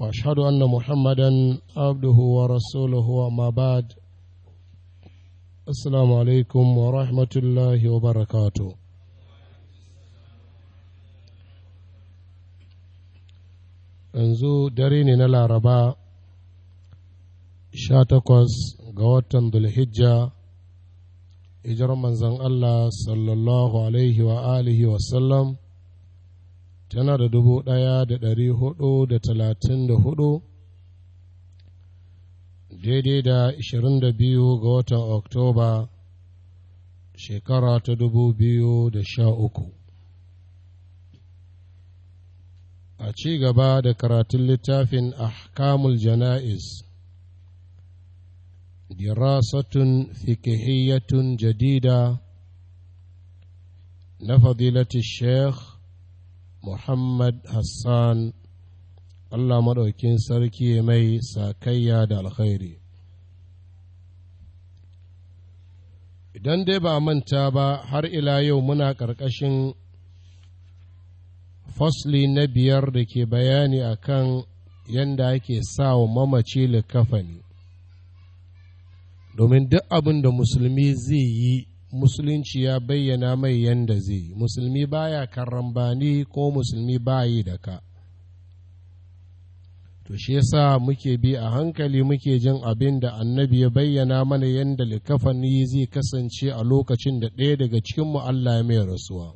واشهد ان محمدا عبده ورسوله وما بعد السلام عليكم ورحمه الله وبركاته yanzu dare ne na laraba sha takwas ga watan dulhijja hijirar manzon allah sallallahu alaihi wa alihi wasallam tana da dubu ɗaya da ɗari hudu da talatin da hudu daidai da ashirin da biyu ga watan oktoba shekara ta dubu biyu da sha uku a ci gaba da karatun littafin ahkamul jana'iz dirasatun fikihiyatun jadida na fadilatun sheikh Muhammad Hassan Allah maɗaukin sarki mai sakayya da alkhairi. Idan dai ba manta ba har ila yau muna ƙarƙashin fasli na biyar da ke bayani akan yanda ake sawa mamaci likafani. domin duk abin da musulmi zai yi musulunci ya bayyana mai yanda zai musulmi baya karambani ko musulmi bayi da ka to shi yasa muke bi a hankali muke jin abin da annabi ya bayyana mana yanda likafani zai kasance a lokacin da ɗaya daga cikinmu Allah ya mai rasuwa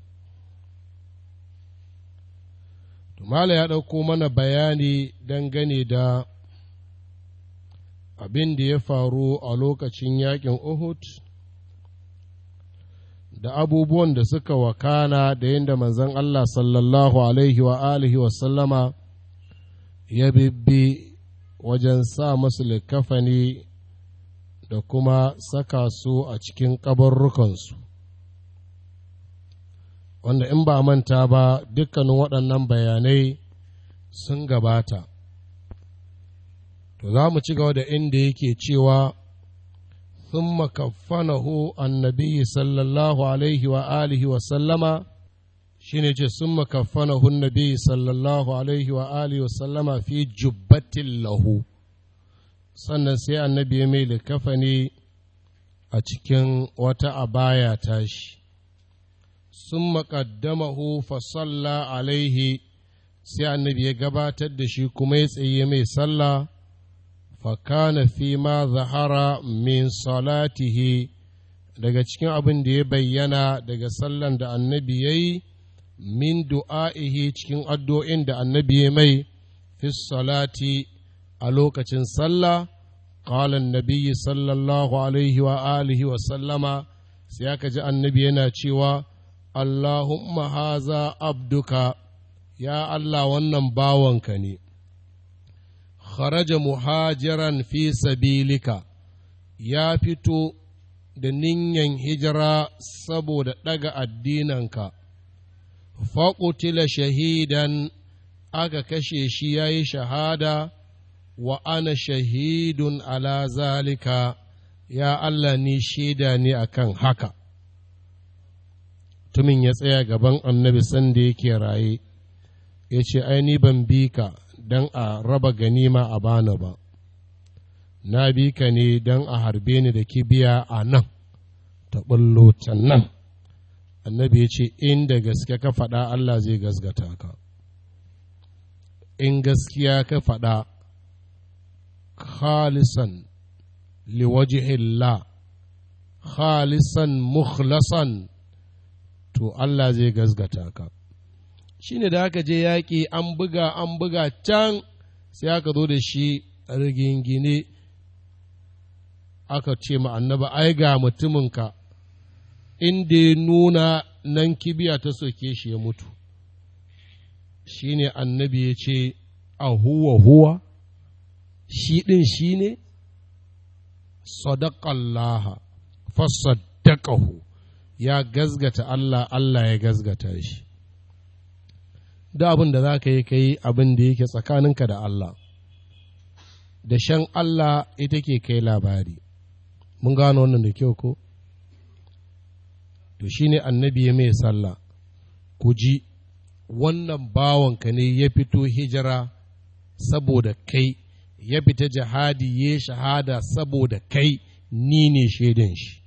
Tumala ya ɗauko mana bayani dangane da abin da ya faru a lokacin yakin Uhud da abubuwan da suka wakana da yadda manzon Allah sallallahu alaihi wa alihi wa sallama ya bibbi wajen sa musu likafani da kuma saka su a cikin kabarrukansu wanda in ba manta ba dukkanin waɗannan bayanai sun gabata to za mu ci gaba da inda yake cewa ثم كفنه النبي صلى الله عليه وآله وسلم شنج ثم كفنه النبي صلى الله عليه وآله وسلم في جبة له sannan sai annabi ya mai likafani a cikin wata abaya tashi sun maƙaddamahu fasalla alaihi sai annabi ya gabatar da shi kuma ya tsaye mai sallah فكان فيما ma zahara min salatihi daga cikin abin da ya bayyana daga sallan da annabi ya min du'a'ihi cikin addu'o'in da annabi ya mai fi salati a lokacin sallah alaihi wa alihi wa sallama sai aka ji annabi yana cewa allahumma haza abduka ya Allah wannan bawanka ne kharaja muhajiran fi sabilika ya fito da ninyan hijira saboda ɗaga addinanka, faƙutila shahidan aka kashe shi ya yi shahada wa ana shahidun ala zalika ya Allah ni shaida ne akan haka. Tumin ya tsaya gaban annabi sanda yake raye, ya ce, Ai, ni ban bi ka, don a raba ganima a bana ba na bi ka ne don a harbe ni da kibiya a nan ta ɓullo can nan annabi ya ce inda gaske ka faɗa Allah zai gasgata ka in gaskiya ka faɗa khalisan liwajihillah khalisan mukhlasan to Allah zai gasgata ka ne da aka je yaƙi an buga an buga can sai aka zo da shi rigingine aka ce ma annaba ai ga mutuminka inda ya nuna nan kibiya ta soke shi ya mutu shi ne annabi ya ce a huwa huwa shi ɗin shi ne sadaqallaha fasaddaqahu ya gazgata Allah Allah ya gazgata shi da abin da za ka yi ka yi abin da yake tsakaninka da Allah da shan Allah ita ke kai labari mun gano wannan da kyau ko to shi ne annabi ya mai sallah ku ji wannan bawanka ne ya fito hijira saboda kai ya fita jihadi ya shahada saboda kai ni ne shaidan shi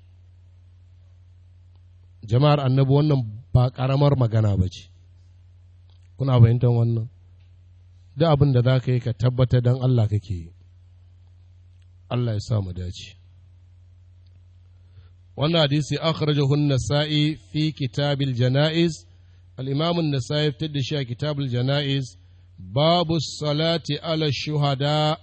jama'ar annabi wannan ba ƙaramar magana ba ce kuna fahimtar wannan duk abin da za ka yi ka tabbata don Allah kake yi Allah ya sa mu dace wannan hadisi akhrajahu an-nasa'i fi kitabil janaiz al-imam an-nasa'i shi a kitabul janaiz babu salati ala shuhada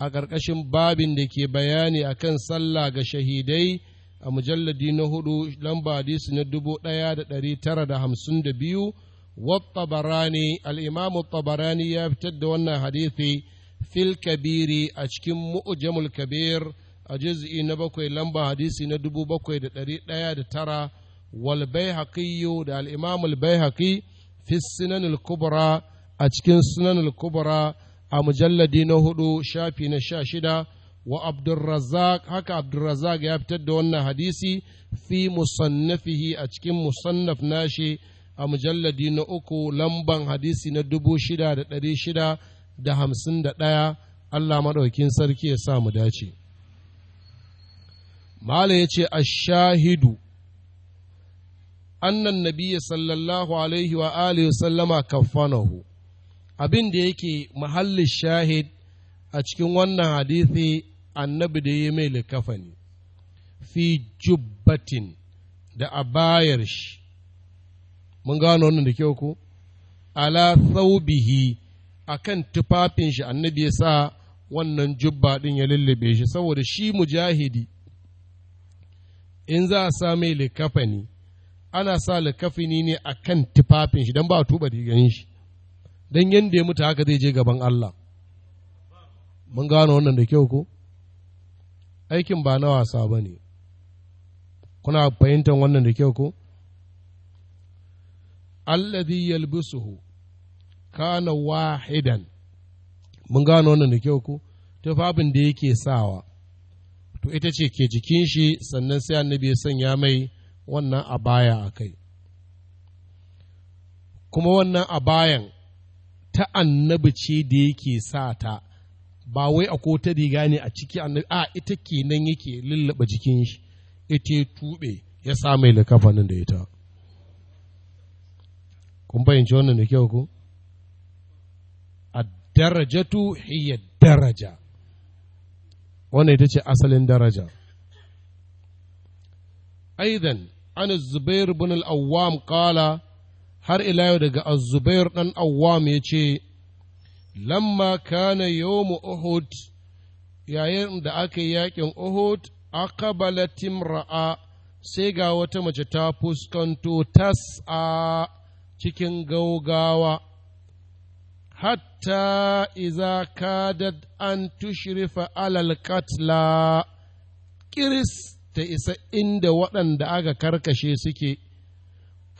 a ƙarƙashin babin da ke bayani akan sallah ga shahidai a mujalladi na hudu lamba hadisi na dubu ɗaya da ɗari tara da hamsin da biyu والطبراني الإمام الطبراني يبتد وانا حديثي في الكبير أشكم مؤجم الكبير أجزء نبكوي لمبا حديثي ندبو بكوي دقيقة ترى والبيهقي دا الإمام البيهقي في السنن الكبرى أشكم سنن الكبرى أمجلد نهدو شافي نشاشدة وعبد الرزاق هكا عبد الرزاق يبتد وانا حديثي في مصنفه أشكم مصنف ناشي a mujalladi na uku lamban hadisi na dubu shida da ɗari shida da hamsin da ɗaya Allah maɗaukin sarki ya sa mu dace. Mala ya ce, shahidu. annan nabiya sallallahu alaihi wa alihi sallama kafanahu, abin da yake mahallin shahid a cikin wannan hadithi annabi da ya mai likafani, fi jubbatin da a bayar shi. mun gano wannan da kyau ko ala a akan tufafin shi annabi ya sa wannan jubba din ya lullube shi saboda shi mujahidi in za a sa mai likafani ana sa likafini ne a kan tufafin shi don ba a tuba ganin shi don yadda ya mutu haka zai je gaban Allah mun gano wannan da kyau ko aikin ba na wasa ba ne kuna fahimtar wannan da kyau ko alladhi yalbisuhu kana wahidan mun gano wannan da kyau ko tufafin da yake sawa to ita ce ke jikin shi sannan sai annabi ya sanya mai wannan abaya a kai kuma wannan abayan ta annabi ce da yake sa ta ba wai a ko ta riga ne a ciki annabi a ita kenan yake lullaba jikin shi ita ya ya sa mai likafanin da ita kun fahimci wannan da kyau ku a darajatu hiya daraja wannan ita ce asalin daraja aidan an zubair bin al-awwam kala har ila yau daga az-zubair dan awwam yace lamma kana yawmu uhud yayin da aka yi yakin uhud aqbalat imra'a sai ga wata mace ta fuskanto tas'a cikin gaugawa hatta iza kadad an tushrifa alal katla kiris ta isa inda waɗanda aka karkashe suke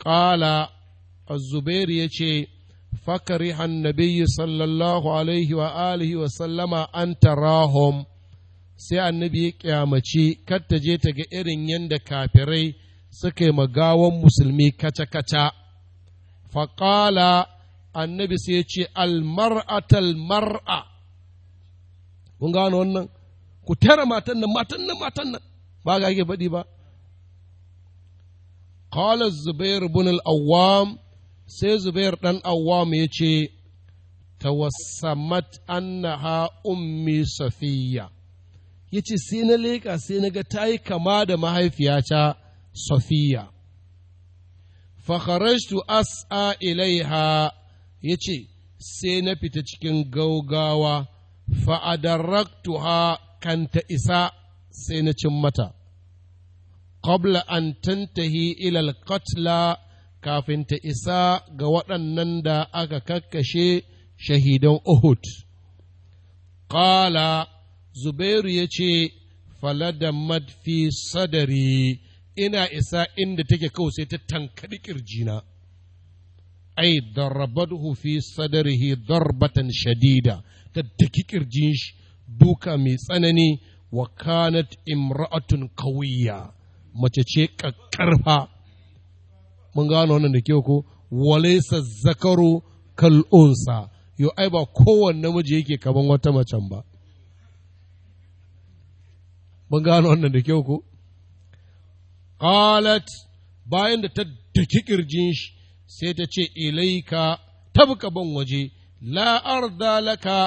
ƙala azubairu ya ce Nabiyyu sallallahu alaihi wa alihi wa sallama an tarahum sai annabi ya kyamaci kar ta je ta ga irin yadda kafirai suka yi magawan musulmi kaca-kaca faƙala annabi sai ya ce almar'atal mar'a kun gano wannan ku tara matan nan matan nan matan nan ba ga ke faɗi ba qala zubair ibn al-awwam sai zubair dan awwam ya ce tawassamat annaha ummi safiya yace sai na leƙa sai na ga tayi kama da mahaifiyata safiya fakharajtu as'a ilaiha yace sai na fita cikin gaugawa fa'adarraktuha kan ta isa sai na cin mata qabla an tantahi ilal katla kafin ta isa ga waɗannan da aka kakkashe shahidan Uhud. qala Zubairu yace ce, Falada mafi sadari ina isa inda take kawai sai ta tankaɗi ƙirjina ai darabadhu fi sadarihi darbatan shadida ta daki ƙirjin shi duka mai tsanani wa kanat imra'atun kawiyya mace ce ƙaƙƙarfa mun gano wannan da kyau ko walaisa zakaru kal'unsa yo ai ba kowanne namiji yake kaman wata macen ba mun gano wannan da kyau ko qalat bayan da ta daki kirjin shi sai ta ce ilaika tabka ban waje la arda laka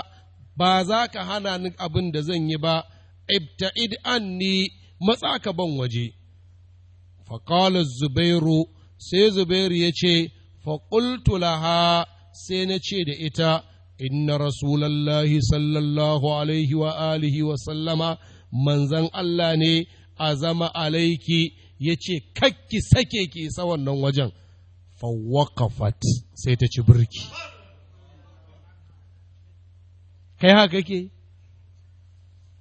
ba za ka hana ni abin da zan yi ba ibta'id anni matsa ka ban waje faƙala zubairu sai zubairu ya ce faƙultu laha sai na ce da ita inna rasulallahi sallallahu alaihi wa alihi wa sallama manzan Allah ne a zama alaiki ya ce kakki sake ki isa wannan wajen fawakafat sai ta ci birki kai haka ke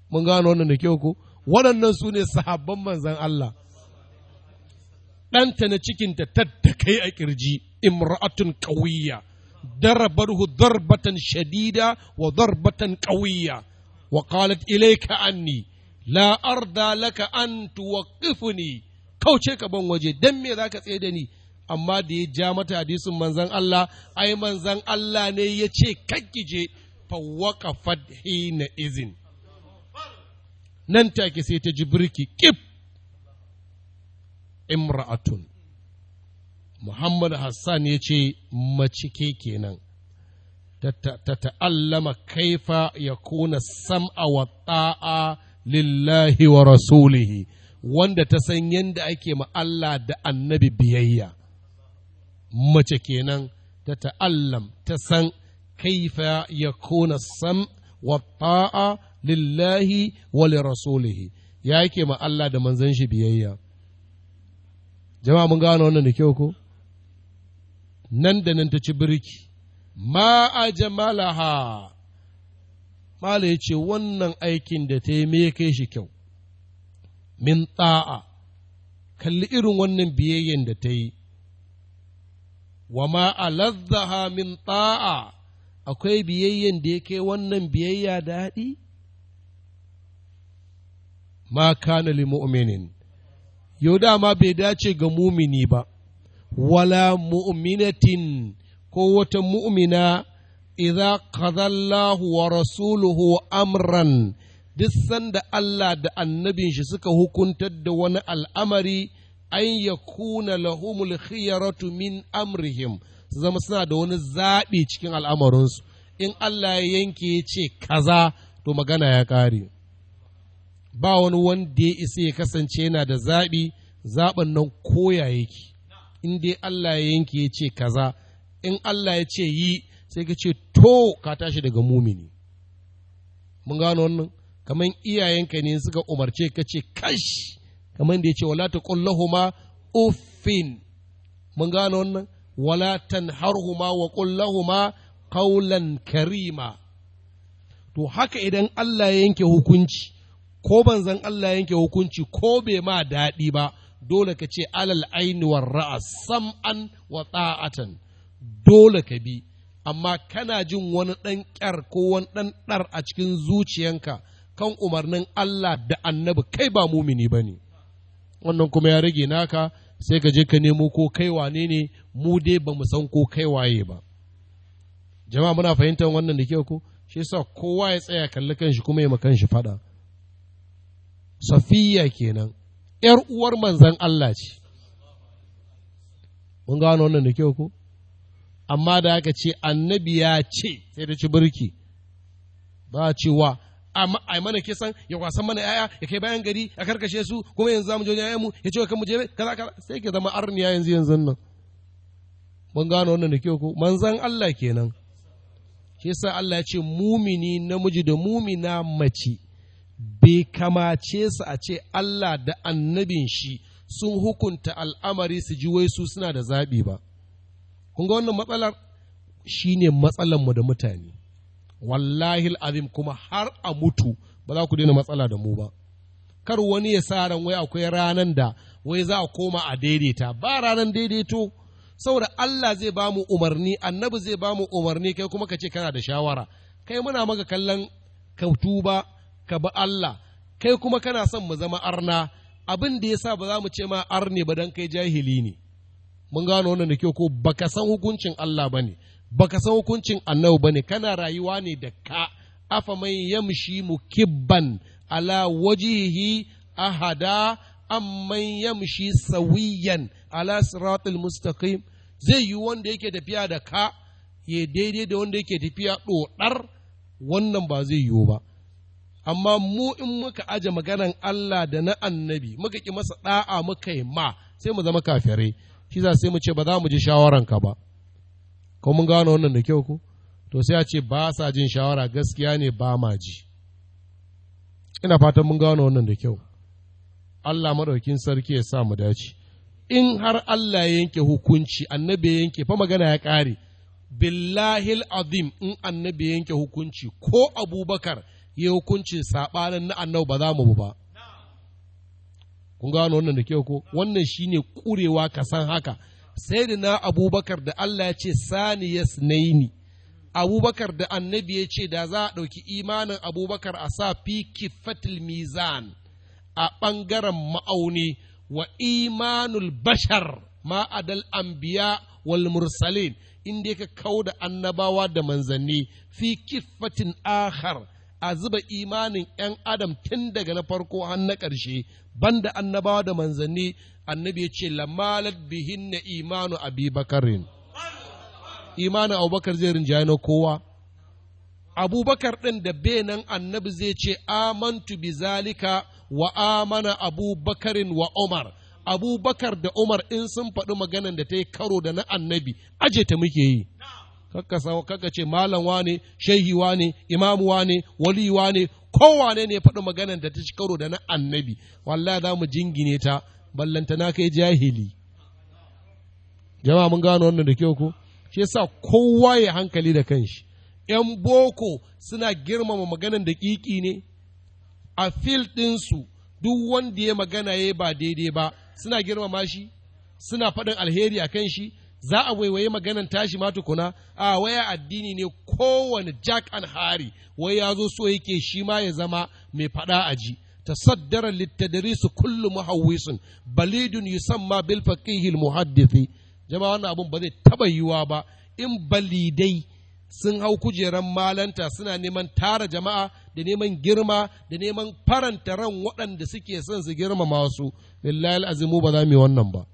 mun gano wannan da kyau ko waɗannan su ne sahabban manzan Allah ɗanta na cikinta tattakai a ƙirji imra'atun ƙawiyya darabarhu darbatan shadida wa darbatan ƙawiyya wa qalat ilayka anni la arda laka an tuwaqifuni kauce ka ban waje dan me zaka tsaye da ni amma da ya ja mata hadisin manzan Allah ai manzan Allah ne ya ce kakkije je fadhi na izin nan take sai ta ji birki kif imra'atun Muhammad Hassan ya ce mace kenan ta ta'allama kaifa ya kuna sam'a wa ta'a lillahi wa rasulihi wanda ta san yadda ake ma Allah da annabi biyayya mace kenan ta ta'allam ta san kaifa ya kona sam wa ta'a lillahi wa rasulihi ya yake ma Allah da manzan shi biyayya jama'a mun gano wannan da kyau ko nan da nan ta ci birki ma a jamalaha mala ya ce wannan aikin da ta yi me kai shi kyau min ta'a kalli irin wannan biyayyen da ta yi wa ma alazzaha min ta'a akwai biyayyen da yake wannan biyayya daɗi ma kana li mu'minin yau dama bai dace ga mumini ba wala mu'minatin ko wata mu'mina idza qadallahu wa rasuluhu amran duk sanda Allah da annabin shi suka hukuntar da wani al'amari an ya kuna lahumul khiyaratu min amrihim su zama suna da wani zaɓi cikin al'amarinsu in Allah ya yanke ya ce kaza to magana ya ƙare ba wani wanda ya isa ya kasance yana da zaɓi zaɓen nan koya yake in dai Allah ya yanke ya ce kaza in Allah ya ce yi sai ka ce to ka tashi daga mumini mun gano wannan kamar iyayenka ne suka umarce ka ce kashi, kamar da ya ce wala taqullahuma uffin mun gano wannan wala tanharhuma wa qullahuma qawlan karima to haka idan Allah ya yanke hukunci ko banzan Allah ya yanke hukunci ko bai ma daɗi ba dole ka ce alal aini war ra'a sam'an wa ta'atan dole ka bi amma kana jin wani ɗan ƙyar ko wani ɗan ɗar a cikin zuciyanka kan umarnin Allah da annabi kai ba mumini ba ne wannan kuma ya rage naka sai ka je ka nemo ko kai wane ne mu dai ba mu san ko kai waye ba jama'a muna fahimtar wannan da kyau ko shi yasa kowa ya tsaya kalli kanshi kuma ya ma kanshi fada safiya kenan yar uwar manzan Allah ce mun gano wannan da kyau ko amma da aka ce annabi ya ce sai da ci birki ba cewa a mana kisan ya kwasan mana yaya ya kai bayan gari a karkashe su kuma yanzu zamu je yayanmu ya ce kan mu je kaza kaza sai ke zama arniya yanzu yanzu nan mun gano wannan da ke ko manzan Allah kenan shi yasa Allah ya ce mumini namiji da mumina mace bai kamace su a ce Allah da annabin shi sun hukunta al'amari su ji wai su suna da zaɓi ba kun ga wannan matsalar shine matsalar mu da mutane wallahi azim kuma har a mutu ba za ku daina matsala da mu ba kar wani ya sa ran wai akwai ranan da wai za a koma a daidaita ba ranan daidaito saboda Allah zai ba mu umarni annabi zai ba mu umarni kai kuma ka ce kana da shawara kai muna maka kallon ka tuba ka bi Allah kai kuma kana son mu zama arna abin da yasa ba za mu ce ma arne ba dan kai jahili ne mun gano wannan da kyau ko baka san hukuncin Allah bane baka san hukuncin annabi bane kana rayuwa ne da ka afa mai yamshi mukibban ala wajihi ahada amman yamshi sawiyan ala siratul mustaqim zai yi wanda yake tafiya da ka ya daidai da wanda yake tafiya dodar wannan ba zai yiwu ba amma mu in muka aje maganan Allah da na annabi muka ki masa da'a muka yi ma sai mu zama kafirai shi za sai mu ce ba za mu ji shawaranka ba ko mun gano wannan da kyau ko to sai a ce ba sa jin shawara gaskiya ne ba ma ji ina fatan mun gano wannan da kyau Allah madaukin sarki ya sa mu dace in har Allah ya yanke hukunci annabi ya yanke fa magana ya kare billahil azim in annabi ya yanke hukunci ko abubakar ya hukuncin sabanin na annabi ba za mu ba kun gano wannan da kyau ko wannan shine kurewa ka san haka sai da na abubakar da Allah ya ce saniyas abubakar da annabi ya ce da za a ɗauki imanin abubakar a sa fi kifatil mizan a ɓangaren ma'auni wa imanul bashar ma'adal anbiya wal mursalin inda ka kau da annabawa da manzanni fi kifatin akhar a zuba imanin 'yan adam tun daga na farko har na ƙarshe banda annabawa da manzanni annabi ya ce lamalat bihin na imanu abi bakarin imanin abubakar zai rinjaye na kowa abubakar ɗin da benan annabi zai ce amantu bi zalika wa amana abubakarin wa umar abubakar da umar in sun faɗi maganan da ta yi karo da na annabi aje ta muke yi kakka sawo kakka ce malam wane shehi wane imamu wane wali wane kowane ne faɗi maganar da ta ci karo da na annabi wallahi za mu jingine ta ballanta na kai jahili jama'a mun gano wannan da kyau ko shi yasa kowa ya hankali da kanshi ‘yan boko suna girmama maganar da ƙiƙi ne, a fil ɗinsu duk wanda ya magana ya ba daidai ba, suna girmama shi, suna faɗin alheri a kan shi, za a waiwaye maganan tashi ma tukuna a waya addini ne kowane jack and hari wai ya zo so yake shi ma ya zama mai faɗa a ji tasaddara su kullu mahawisun balidun yusamma bil faqihil muhaddisi jama'a wannan abun ba zai taba yiwa ba in balidai sun hau kujeran malanta suna neman tara jama'a da neman girma da neman faranta ran waɗanda suke son su girmama su lillahi azimu ba za mu yi wannan ba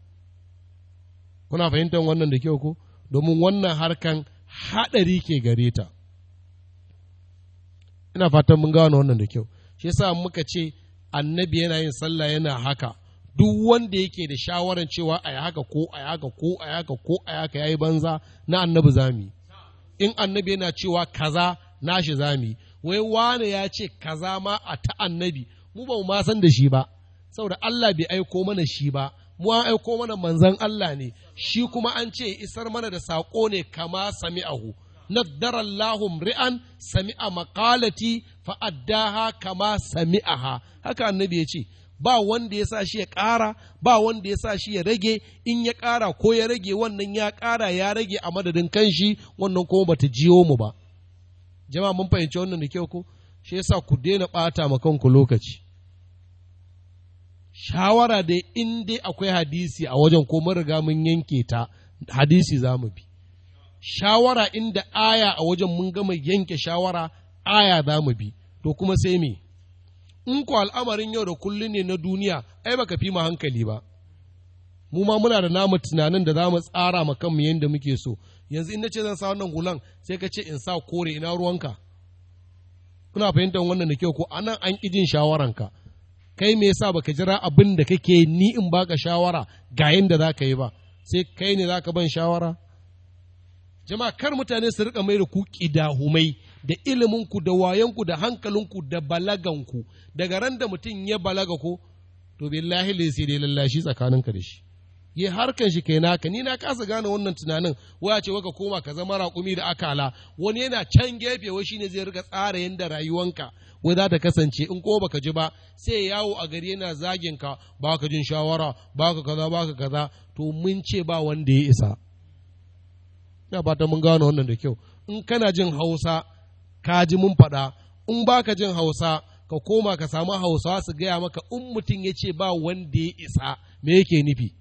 kuna fahimtar wannan da kyau ko domin wannan harkan haɗari ke gare ta ina fatan mun gano wannan da kyau shi yasa muka ce annabi yana yin sallah yana haka duk wanda yake da shawaran cewa a yi haka ko a yi haka ko a yi haka ko a yi haka yayi banza na annabi zami in annabi yana cewa kaza nashi zami wai wane ya ce kaza ma a ta annabi mu ba mu ma san da shi ba saboda Allah bai aiko mana shi ba mu an aiko mana manzon Allah ne shi kuma an ce isar mana da sako ne kama sami sami'ahu naddarallahum ri'an sami'a makalati fa'addaha kama sami sami'aha haka annabi ya ce ba wanda ya sa shi ya ƙara ba wanda ya sa shi ya rage in ya kara ko ya rage wannan ya ƙara ya rage a madadin kanshi wannan kuma bata jiyo mu ba jama'a mun fahimci wannan da kyau ko shi yasa ku daina ɓata ma kanku lokaci shawara dai in dai akwai hadisi a wajen ko mun riga mun yanke ta hadisi za mu bi shawara inda aya a wajen mun gama yanke shawara aya za mu bi to kuma sai me in ku al'amarin yau da kullum ne na duniya ai baka fi mu hankali ba mu ma muna da namu tunanin da za mu tsara ma kanmu yadda muke so yanzu in nace zan sa wannan hulan sai ka ce in sa kore ina ruwanka kuna fahimtar wannan da kyau ko anan an ƙi jin shawaranka kai me yasa baka jira abin da kake ni in baka shawara ga yanda za ka yi ba sai kai ne za ka ban shawara jama'a kar mutane su rika mai da ku kidahumai da iliminku da wayanku da hankalinku da balaganku daga ran da mutum ya balaga ko to billahi lai sai dai lallashi ka da shi yi harkan shi kai naka ni na kasa gane wannan tunanin waya ce waka koma ka zama raƙumi da akala wani yana can gefe wai shine zai rika tsara yanda rayuwanka wai za ta kasance in ko baka ji ba sai yawo a gari yana zagin ka ba ka jin shawara ba ka kaza ba ka kaza to mun ce ba wanda ya isa ya ba ta mun gano wannan da kyau in kana jin hausa ka ji mun faɗa in ba ka jin hausa ka koma ka samu hausa su gaya maka in mutum ya ce ba wanda ya isa me yake nufi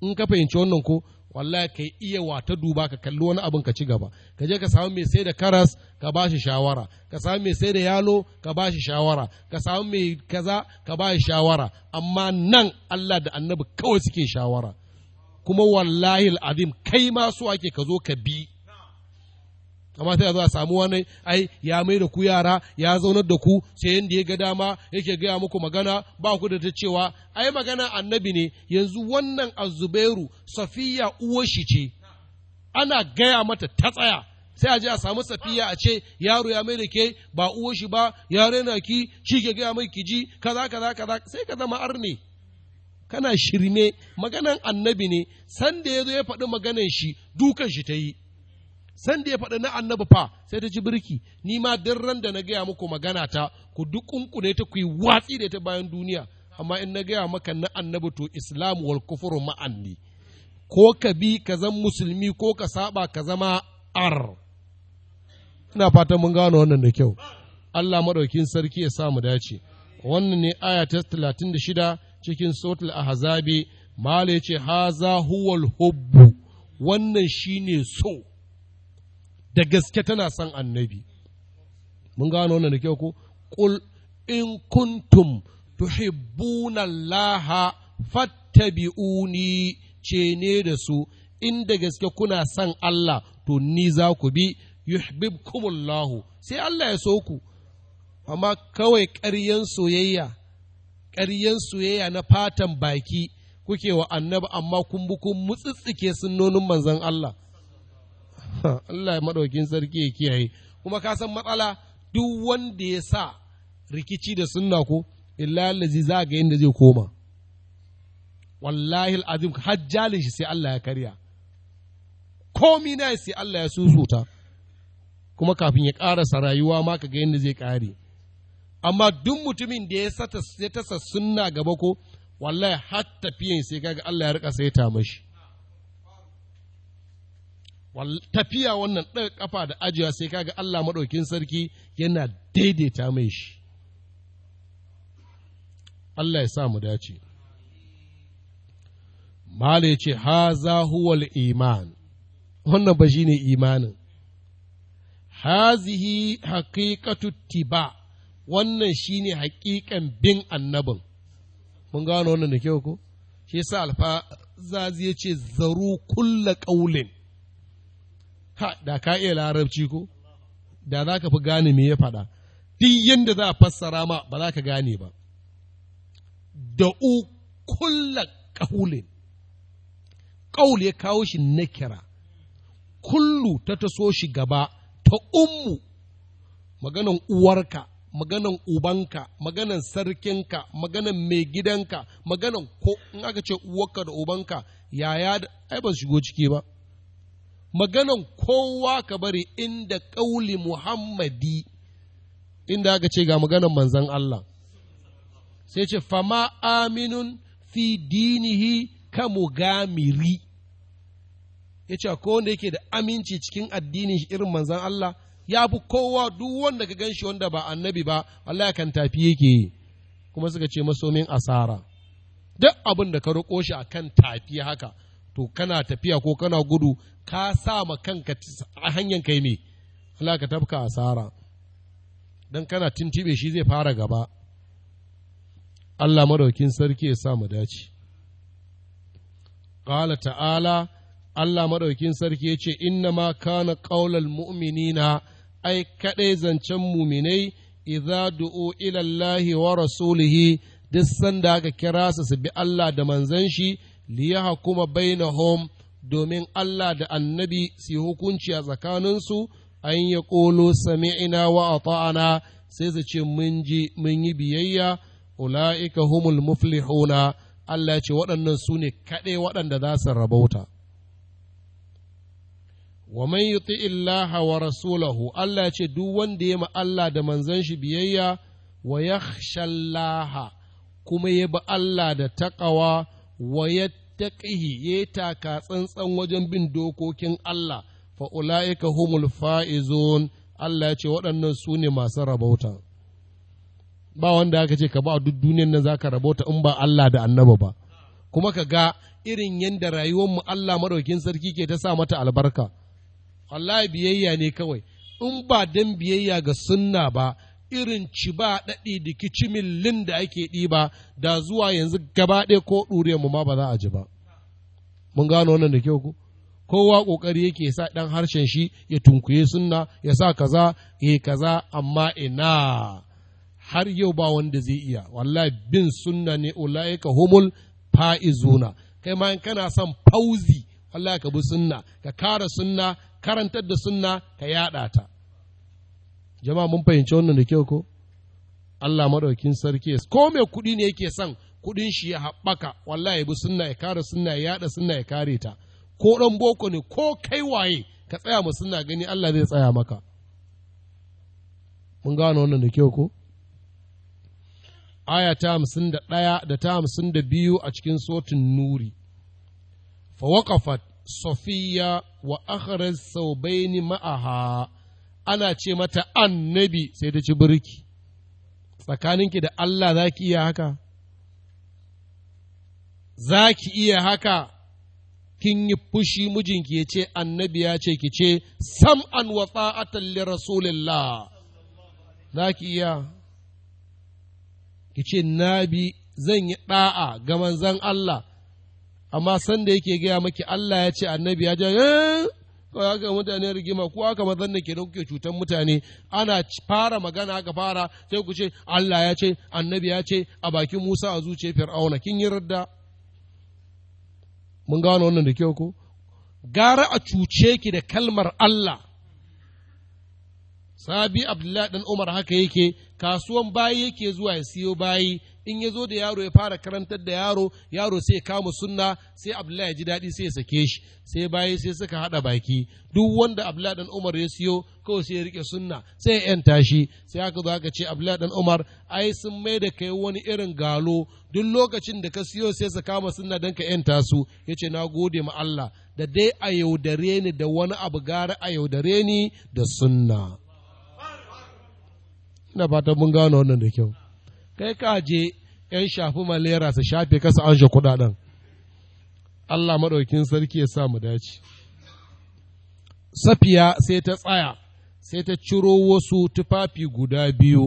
in ka fahimci wannan ko wallahi ka iya wata duba ka kalli wani abin ka ci gaba ka je ka samu mai sai da karas ka ba shi shawara ka samu mai sai da yalo ka ba shi shawara ka samu mai kaza ka ba shi shawara amma nan Allah da annabi kawai suke shawara kuma wallahi al'azim kai ma su ake ka zo ka bi amma sai a zo a samu wani ai ya mai da ku yara ya zaunar da ku sai yanda ya ga dama yake gaya muku magana ba ku da ta cewa ai magana annabi ne yanzu wannan azubairu safiya uwashi ce ana gaya mata ta tsaya sai a je a samu safiya a ce yaro ya mai da ke ba uwashi ba ya raina ki shi ke gaya mai kiji kaza kaza kaza sai ka zama arne kana shirme maganan annabi ne sanda ya zo ya faɗi maganan shi dukan shi ta yi san da ya faɗa na annabi fa sai ta ji birki ni ma duk ran da na gaya muku magana ta ku duk kunkune ta ku yi watsi da ta bayan duniya amma in na gaya maka na annabi to islam wal kufuru ma'anni ko ka bi ka zan musulmi ko ka saba ka zama ar ina fatan mun gano wannan da kyau Allah madaukin sarki ya sa mu dace wannan ne aya ta 36 cikin suratul ahzabi mala yace haza huwal hubbu wannan shine so da gaske tana son annabi mun gano wannan da kyau ko qul in kuntum tuhibbuna Allah fattabi'uni ce ne da su in da gaske kuna son Allah to ni za ku bi yuhibbukumullahu sai Allah ya so ku amma kawai ƙaryen soyayya ƙaryen soyayya na fatan baki kuke wa annabi amma kun bi kun mutsitsike sunnonin manzon Allah Allah ya maɗaukin sarki ya kiyaye kuma ka san matsala duk wanda ya sa rikici da sunna ko illa allazi za ga yadda zai koma wallahi azim hajjalin shi sai Allah ya karya komi na sai Allah ya susuta kuma kafin ya karasa rayuwa ma ka ga yadda zai kare amma duk mutumin da ya sata sunna gaba ko wallahi har tafiyan sai kaga Allah ya rika saita mashi tafiya wannan ɗaga ƙafa da ajiya sai kaga Allah maɗaukin sarki yana daidaita mai shi Allah ya sa mu dace Mala ya ce haza huwal iman wannan ba shi ne imanin hazihi haqiqatu ba wannan shine haƙiƙan bin annabin mun gano wannan da kyau ko shi sa alfa zazi ya ce zaru kulla ƙaulin da ka iya larabci ko da za ka fi gane me ya faɗa duk yadda za a fassara ma ba za ka gane ba da u kulla ƙahulin ƙaul ya kawo shi na kira kullu ta taso shi gaba ta ummu maganan uwarka maganan ubanka maganan sarkinka maganan mai gidanka maganan ko in aka ce uwarka da ubanka yaya da ai ba shigo ciki ba maganan kowa ka bari inda ƙauli Muhammadi, inda aka ce ga maganan manzan Allah. Sai ce, fama aminun fi dinihi ka mugamiri. Ya ce, ko wanda yake da aminci cikin addinin shi irin manzan Allah, ya fi kowa duk wanda ka gan shi wanda ba annabi ba, Allah kan tafi yake yi. Kuma suka ce masomin asara. Duk abin da ka roƙo shi a kan tafi haka, to kana tafiya ko kana gudu ka sa ma kanka a hanyar kai me Allah ka tafka asara don kana tintibe shi zai fara gaba Allah madaukin sarki ya sa mu dace qala ta'ala Allah madaukin sarki ya ce inna ma kana qaulal mu'minina ai kadai zancen muminai idza du'u ila Allah wa rasulihi duk sanda aka kira su su bi Allah da manzon shi li yahkuma bainahum domin Allah da annabi su hukunci a tsakaninsu an ya ƙolo sami'ina wa ta'ana sai su ce mun ji mun yi biyayya ula'ika humul muflihuna Allah ce waɗannan su ne kaɗai waɗanda za su rabauta wa man yuti illaha wa rasulahu Allah ce duk wanda ya ma Allah da manzan shi biyayya wa yakhshallaha kuma ya bi Allah da taƙawa wa yattaqihi yi taka tsantsan wajen bin dokokin Allah fa ulaika humul faizun Allah ya ce waɗannan su ne masu rabauta ba wanda aka ce ka ba duk duniyar nan zaka rabauta in ba Allah da annaba ba kuma ka ga irin yadda rayuwarmu Allah madaukin sarki ke ta sa mata albarka wallahi biyayya ne kawai in ba dan biyayya ga sunna ba irin ci ba daɗi da kicimin linda da ake ɗiba da zuwa yanzu gaba ɗaya ko ɗuriyar mu ma ba za a ji ba mun gano wannan da kyau ku kowa ƙoƙari yake sa ɗan harshen shi ya tunkuye sunna ya sa kaza ya eh kaza amma ina har yau ba wanda zai iya wallahi bin sunna ne ulaika humul faizuna kai ma in kana son fauzi wallahi ka bi sunna ka kara sunna karantar da sunna ka yada ta jama'a mun fahimci wannan da kyau ko Allah madaukin sarki ko me kudi ne yake son kudin shi ya haɓaka wallahi ya bi sunna ya kare sunna ya yada sunna ya kare ta ko dan boko ne ko kai waye ka tsaya mu sunna gani Allah zai tsaya maka mun gano wannan da kyau ko aya ta hamsin da da ta hamsin a cikin sotin nuri fa waqafat safiya wa akharar saubaini ma'aha ana ce mata annabi sai ta ci birki tsakaninki da Allah za ki iya haka za ki iya haka kin yi fushi mijinki ya ce annabi ya ce ki ce sam'an wa fa'atan li rasulillah za ki iya ki ce nabi zan yi ɗa'a ga manzan Allah amma sanda yake gaya maki Allah ya ce annabi ya ce eh, kawai haka mutane rigima ko haka mazan da ke dauke cutan mutane ana fara magana aka fara sai ku ce Allah ya ce annabi ya ce a bakin Musa a zuce Fir'auna kin yi radda mun gano wannan da kyau ko gara a cuce ki da kalmar Allah sabi Abdullahi dan Umar haka yake kasuwan bayi yake zuwa ya siyo bayi in ya zo da yaro ya fara karantar da yaro yaro sai kama sunna sai abdullahi ya ji daɗi sai ya sake shi sai bayi sai suka haɗa baki duk wanda abdullahi dan umar ya siyo kawai sai ya rike sunna sai ya yanta shi sai haka zo aka ce abdullahi dan umar ai sun mai da kai wani irin galo duk lokacin da ka siyo sai su kama sunna dan ka yanta su ce na gode ma Allah da dai a yaudare ni da wani abu gara a yaudare ni da sunna ina fatan mun gano wannan da kyau kai ka je ‘yan shafi malera su shafe kasa an shi kuɗaɗen. Allah maɗaukin sarki ya sa mu dace. Safiya sai ta tsaya, sai ta ciro wasu tufafi guda biyu,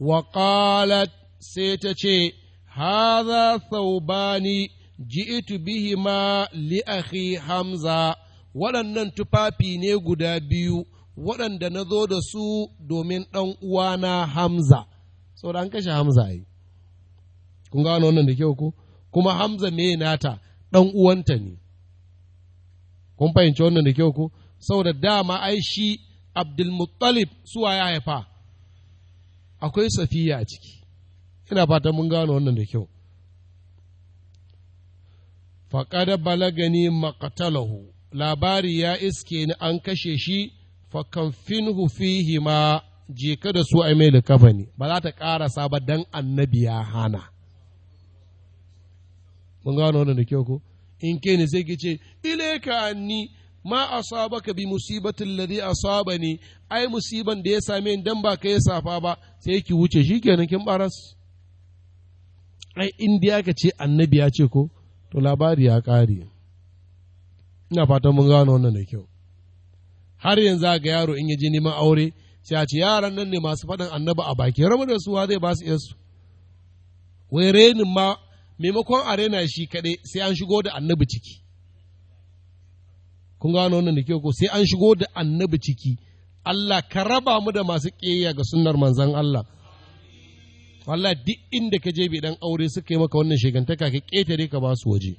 wa sai ta ce, Haza saubani ji'itu ma li'ahi Hamza, waɗannan tufafi ne guda biyu, waɗanda na zo da su domin ɗan uwana Hamza. saboda an kashe hamza yi kun gano wannan da kyau ko kuma hamza me nata ɗan uwanta ne kun fahimci wannan da kyau ko saboda dama ai shi abdulmuttalib suwa ya haifa akwai safiya a ciki ina fatan mun gano wannan da kyau faƙada balagani maƙatalahu labari ya iske ni an kashe shi fakamfinhu fihi ma je ka da su ai mai da ne ba za ta ƙarasa ba dan annabi ya hana mun gano wannan da kyau ko in ke ne sai ke ce an ni ma ka bi musibatin ladhi asabani ai musiban da ya same ni dan ba ka ya safa ba sai ki wuce shikenan kin baras ai in dai aka ce annabi ya ce ko to labari ya kare ina fatan mun gano wannan da kyau har yanzu ga yaro in ya je neman aure sai a ce yaran nan ne masu faɗin annaba a baki rabu da suwa zai ba su su wai renin ma maimakon a rena shi kaɗai sai an shigo da annabi ciki kun gano wannan da kyau ko sai an shigo da annabi ciki Allah ka raba mu da masu ƙeya ga sunnar manzan Allah Allah duk inda ka je dan aure suka yi maka wannan shigantaka ka ƙetare ka ba su waje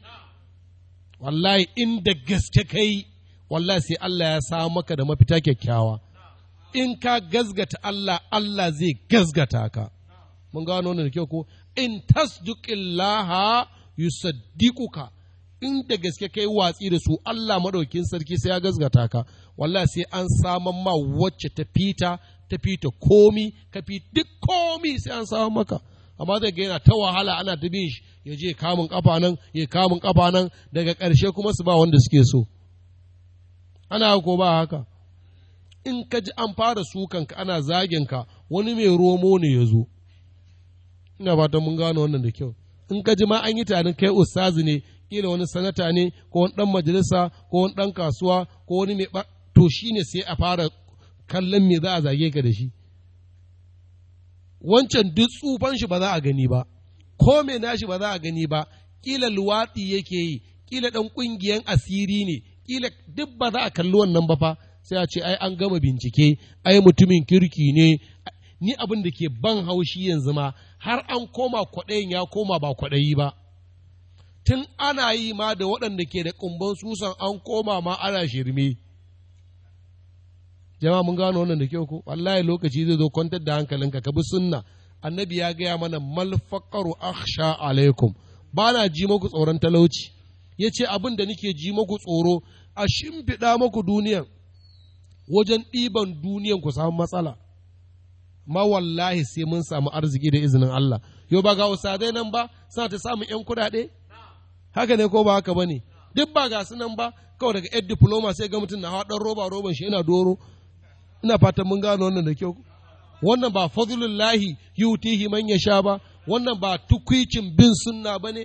wallahi inda gaske kai wallahi sai Allah ya sa maka da mafita kyakkyawa in ka gazgata Allah Allah zai gazgata ka mun gano wannan da kyau ko in tasdiqillaha yusaddiquka in da gaske kai watsi da su Allah madaukin sarki sai ya gazgata ka wallahi sai an saman ma wacce ta fita ta fita komi ka fi duk komi sai an saman maka amma zai yana ta wahala ana ta bin shi ya je kamun kafa nan ya kamun kafa nan daga ƙarshe kuma su ba wanda suke so ana ko ba haka in ka ji an fara sukanka ana ka wani mai romo ne ya zo ina fatan mun gano wannan da kyau in ka ji ma an yi tarin kai ustazi ne kila wani sanata ne ko wani dan majalisa ko wani dan kasuwa ko wani mai to shine sai a fara kallon me za a zage ka da shi wancan duk tsufan shi ba za a gani ba ko mai nashi ba za a gani ba kila luwaɗi yake yi kila dan kungiyan asiri ne kila duk ba za a kalli wannan ba fa sai a ce ai an gama bincike ai mutumin kirki ne ni abin da ke ban haushi yanzu ma har an koma kwaɗayin ya koma ba kwaɗayi ba tun ana yi ma da waɗanda ke da kumban susan an koma ma ana shirme jama'a mun gano wannan da kyau ko wallahi lokaci zai zo kwantar da hankalinka ka bi sunna annabi ya gaya mana mal faqaru akhsha alaikum ba na ji muku tsoron talauci yace abin da nake ji muku tsoro a shimfiɗa muku duniyan wajen ɗiban duniyan ku samu matsala ma wallahi sai mun samu arziki da izinin Allah yau ba ga dai nan ba suna ta samun yan kuɗaɗe haka ne ko ba haka bane duk ba ga su nan ba kawai daga ed diploma sai ga mutum na hawa ɗan roba roban shi ina doro ina fatan mun gano wannan da kyau wannan ba fadlullahi yutihi man yasha ba wannan ba tukwicin bin sunna bane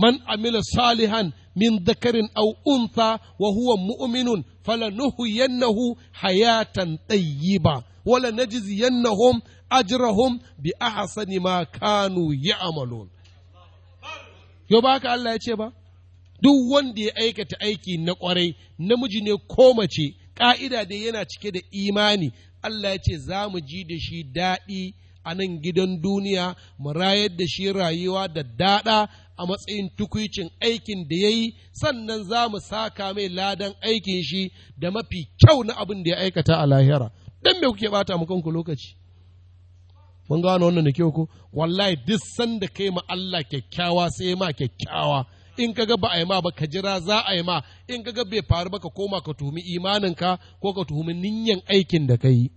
man amila salihan min dhakarin aw untha wa huwa mu'minun falanuhyiyannahu hayatan tayyiba wala najziyannahum ajrahum bi ahsani ma kanu ya'malun yo ba Allah yace ba duk wanda ya aikata aiki na kwarai namiji ne ko mace ka'ida dai yana cike da imani Allah yace zamu ji da shi daɗi a nan gidan duniya mu rayar da shi rayuwa da daɗa a matsayin tukwicin aikin da ya yi sannan za mu saka mai ladan aikin shi da mafi kyau na abin da ya aikata a lahira don me kuke bata mu kanku lokaci mun gano wannan da kyau ko wallahi duk sanda kai ma Allah kyakkyawa sai ma kyakkyawa in kaga ba a yi ma ba ka jira za a yi ma in kaga bai faru ba ka koma ka tuhumi imaninka ko ka tuhumi niyyar aikin da ka yi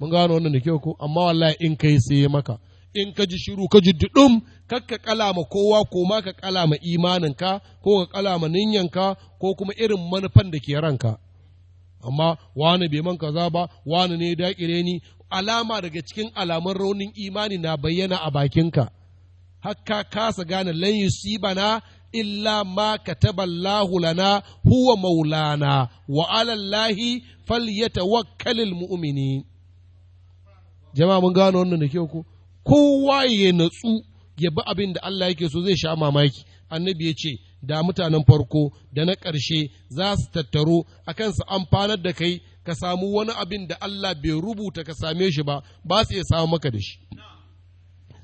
mun gano wannan da kyau ko amma wallahi in kai sai maka in ka ji shiru ka ji dudum kar ka kalama kowa ko ma ka kalama imaninka ko ka kalama ka ko kuma irin manufan da ke ranka amma wani bai man kaza ba wani ne dakire ni alama daga cikin alamun raunin imani na bayyana a bakinka hakka kasa gane lan yusibana illa ma kataballahu lana huwa maulana wa alallahi falyatawakkalul mu'minin jama'a mun gano wannan da kyau ko kowa ya natsu ya bi abin da Allah yake so zai sha mamaki annabi ya ce da mutanen farko da na ƙarshe za su tattaro a kansu amfanar da kai ka samu wani abin da Allah bai rubuta ka same shi ba ba su iya samu maka da shi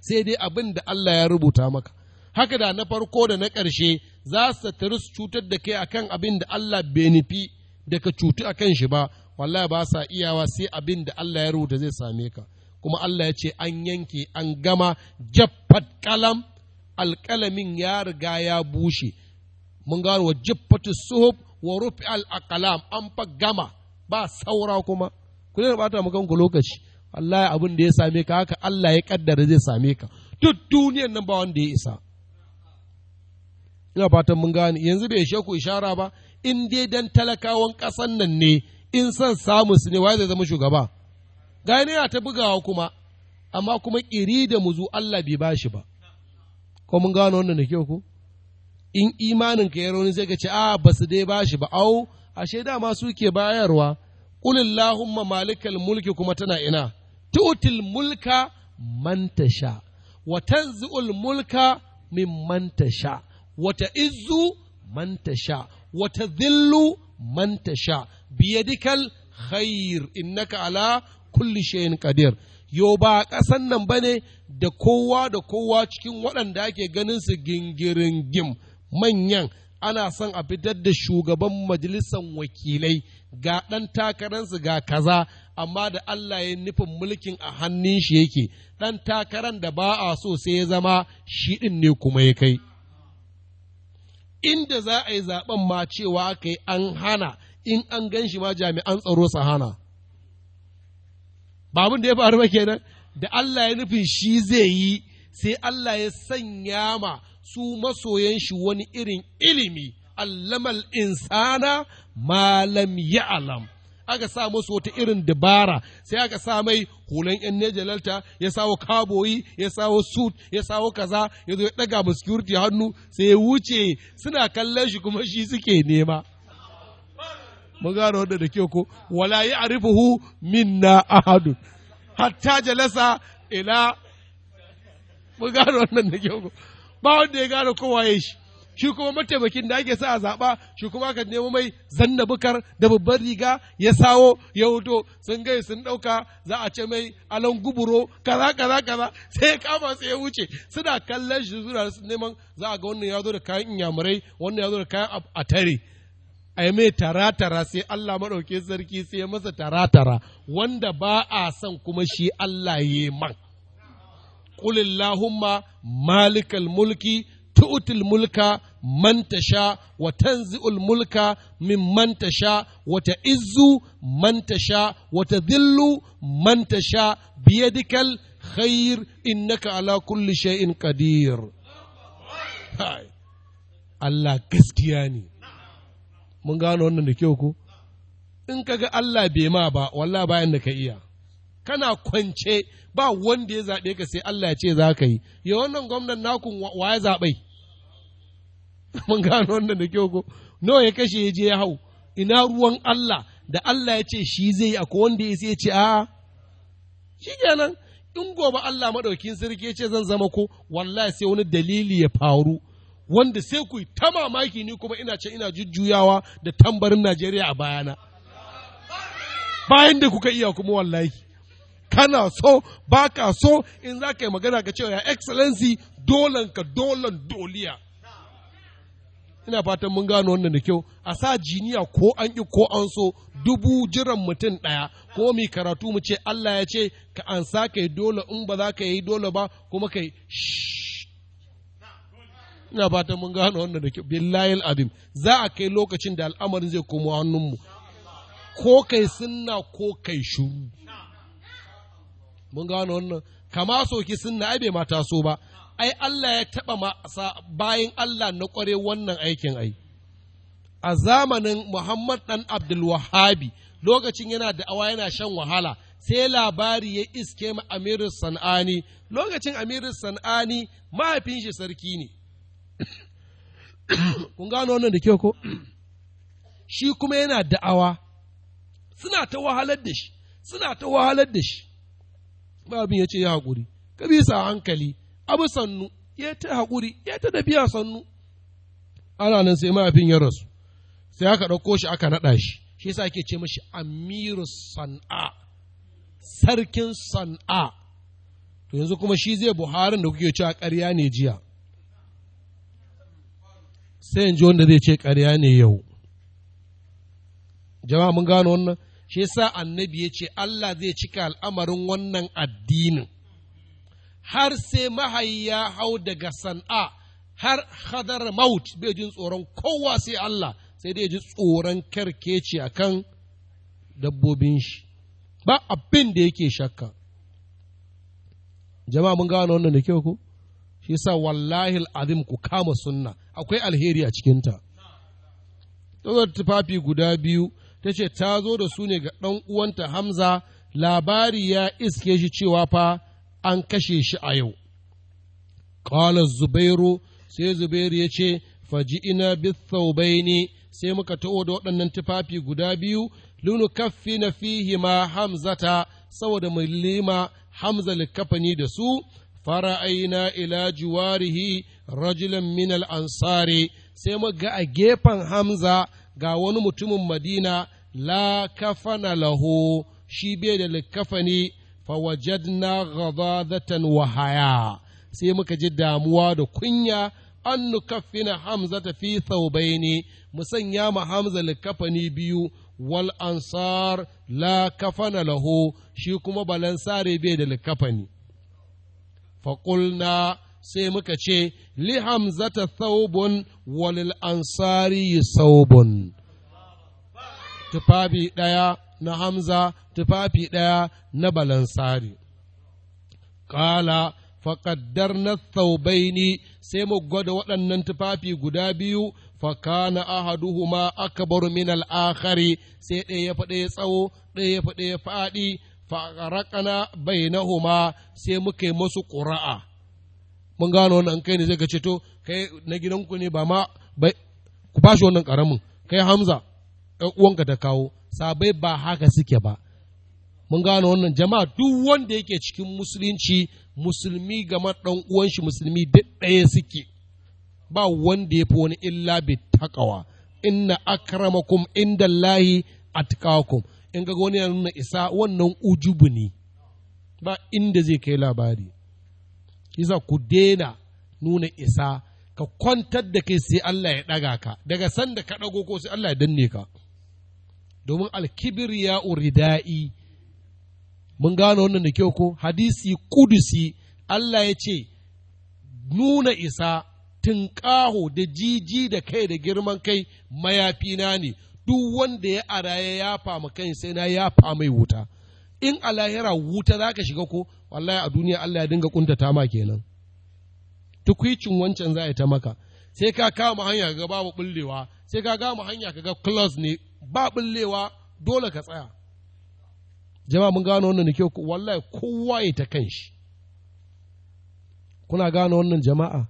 sai dai abin da Allah ya rubuta maka haka da na farko da na ƙarshe za su tattaro su cutar da kai akan abin da Allah bai nufi da ka cutu akan shi ba wallahi ba sa iyawa sai abin da Allah ya rubuta zai same ka kuma Allah ya ce an yanke an gama jaffat kalam alkalamin ya riga ya bushe mun gano wa jaffatu suhub wa rufi al-aqlam an fa gama ba saura kuma ku zai bata mu kanku lokaci Allah abin da ya same ka haka Allah ya kaddara zai same ka duk duniyar nan ba wanda ya isa ina fatan mun gane yanzu bai ishe ku ishara ba in dai dan talakawan ƙasan nan ne in son samu su ne waye zai zama shugaba gani ya ta bugawa kuma amma kuma ƙiri da muzu Allah bai bashi ba ko mun gano wannan da kyau ko in imanin ka yaro ne sai ka ce a ah, ba su dai bashi ba au ashe ma su ke bayarwa qulillahumma malikal mulki kuma tana ina tutil mulka man tasha wa tanzi'ul mulka man tasha wa ta'izzu man tasha wa tadhillu man tasha biyadikal khair innaka ala kulli shayin kadir yo ba ƙasan nan ne da kowa da kowa cikin waɗanda ake ganin su gingirin gim manyan ana son a fitar da shugaban majalisar wakilai ga ɗan takararsu ga kaza amma da Allah ya nufin mulkin a hannun shi yake ɗan takaran da ba a so sai ya zama shi ɗin ne kuma ya kai inda za a yi zaɓen ma cewa aka yi an hana in an gan shi ma jami'an tsaro su hana ba abin da ya faru ba kenan da Allah ya nufin shi zai yi sai Allah ya sanya ma su masoyan shi wani irin ilimi allamal insana malam ya alam aka sa musu wata irin dabara sai aka sa mai hulan yan nejalalta ya sawo kaboyi ya sawo suit ya sawo kaza ya zo ya daga mu security hannu sai ya wuce suna kallon shi kuma shi suke nema mun gane wanda da kyau ko wala ya'rifuhu minna ahadu hatta jalasa ila mun gane wannan da kyau ko ba wanda ya gane kowa ya shi shi kuma mataimakin da ake sa a zaɓa shi kuma aka nemo mai zanna bukar da babbar riga ya sawo ya wuto sun gai sun ɗauka za a ce mai alon guburo kaza kaza kaza sai ya kama sai ya wuce suna kallon shi su neman za a ga wannan ya zo da kayan inyamurai wannan ya zo da kayan atare a yi mai taratara sai Allah maɗauki sarki sai ya masa taratara wanda ba a son kuma shi Allah ya man. Kulillahumma malikal mulki tu'utul mulka man tasha wa tanzi'ul mulka min man tasha wa ta'izzu man tasha wa tadhillu man tasha biyadikal khair innaka ala kulli shay'in qadir Allah gaskiya ne mun gano wannan da kyau ko in ka ga Allah bai ma ba wallahi bayan da ka iya kana kwance ba wanda ya zaɓe ka sai Allah ya ce za ka yi ya wannan gwamnan nakun wa ya zaɓai mun gano wannan da kyau ko nawa ya kashe ya je ya hau ina ruwan Allah da Allah ya ce shi zai akwai wanda ya sai ce a shi kenan in gobe Allah maɗaukin sarki ya ce zan zama ko wallahi sai wani dalili ya faru wanda sai ku ta mamaki ni kuma ina can ina jujjuyawa da tambarin Najeriya a bayana. Bayan da kuka iya kuma wallahi, kana so, baka so, in za ka yi magana ka cewa ya excellency dolan ka dolan doliya. Ina fatan mun gano wannan da kyau, a sa jiniya ko an ƙi ko an so dubu jiran mutum ɗaya, ko mai karatu mu ce Allah ya ce ka an sa ka yi dole in ba za ka yi dole ba kuma ka yi ina fatan mun gano wannan da kyau billahi abin. za a kai lokacin da al'amarin zai komo hannunmu ko kai sunna ko kai shuru mun gano wannan kama soki sunna ai bai mata so ba ai Allah ya taba masa bayan Allah na kware wannan aikin ai a zamanin Muhammad dan Abdul Wahhabi lokacin yana da awa yana shan wahala sai labari ya iske ma Amiru San'ani lokacin Amiru San'ani mahaifin shi sarki ne kun gano wannan da kyau ko shi kuma yana da'awa suna ta wahalar da shi suna ta wahalar da shi babin ya ce ya haƙuri ka bi sa hankali abu sannu ya ta haƙuri ya ta da biya sannu ana nan sai ma abin ya rasu sai aka ɗauko shi aka naɗa shi shi yasa ake ce mashi amiru san'a sarkin san'a to yanzu kuma shi zai buharin da kuke cewa ƙarya ne jiya sai in ji wanda zai ce ƙarya ne yau jama'a mun gano wannan shi sa annabi ya ce Allah zai cika al'amarin wannan addinin har sai mahayya hau daga san'a har hadar maut bai jin tsoron kowa sai Allah sai dai ji tsoron karkeci a kan dabbobin shi ba abin da yake shakka jama'a mun gano wannan da kyau ko yasa wallahi azim ku kama sunna akwai alheri a cikinta ta tufafi guda biyu ta ce ta zo da su ne ga ɗan uwanta hamza labari ya iske shi cewa fa an kashe shi a yau ƙala zubairu sai zubairu ya ce faji ina bi ne sai muka taho da waɗannan tufafi guda biyu lunu kaffi na fihi ma hamzata saboda mulima hamza likafani da su fara'aina ila juwarihi rajulan min ansari sai muga a gefen hamza ga wani mutumin madina la kafana lahu shi bai da likafani fawajadna ghadadatan wa wahaya sai muka ji damuwa da kunya an nukaffina hamzata fi thawbaini mu sanya ma hamza likafani biyu wal ansar la kafana lahu shi kuma balansare bai da likafani faƙulna sai muka ce li hamzata thawbun walil ansari saubun tufafi ɗaya na hamza tufafi ɗaya na balansari ƙala faƙaddar na thaubaini sai mu gwada waɗannan tufafi guda biyu fakana ahaduhuma akbaru min al-akhari sai ɗaya ya faɗe tsawo ɗaya ya faɗe faɗi na homa sai muka yi masu ƙura'a mun gano wannan kai ne zai ka ceto kai na gidanku ne ba ma ku ba shi wannan ƙaramin kai hamza ɗan uwanka ta kawo sabai ba haka suke ba mun gano wannan jama'a duk wanda yake cikin musulunci musulmi gama ɗan uwan shi musulmi duk ɗaya suke ba wanda ya fi wani illa bi takawa inna akramakum indallahi atqakum in ga wani yana nuna isa wannan ujubu ne ba inda zai kai labari isa ku daina nuna isa ka kwantar da kai sai Allah ya daga ka daga sanda ka dago ko sai Allah ya danne ka domin alkibir ya urida'i mun gano wannan da kyau ko hadisi kudusi Allah ya ce nuna isa tunƙaho da jiji da kai da girman kai mayafina ne duk wanda ya ara ya fama kai sai na yafa mai wuta in a lahira wuta za ka shiga ko wallahi a duniya Allah ya dinga kuntata ma kenan tukwicin wancan za a ta maka sai ka kama hanya ga babu bullewa sai ka gama hanya ka ga close ne ba bullewa dole ka tsaya jama'a mun gano wannan kyau wallahi kowa ya ta kanshi kuna gano wannan jama'a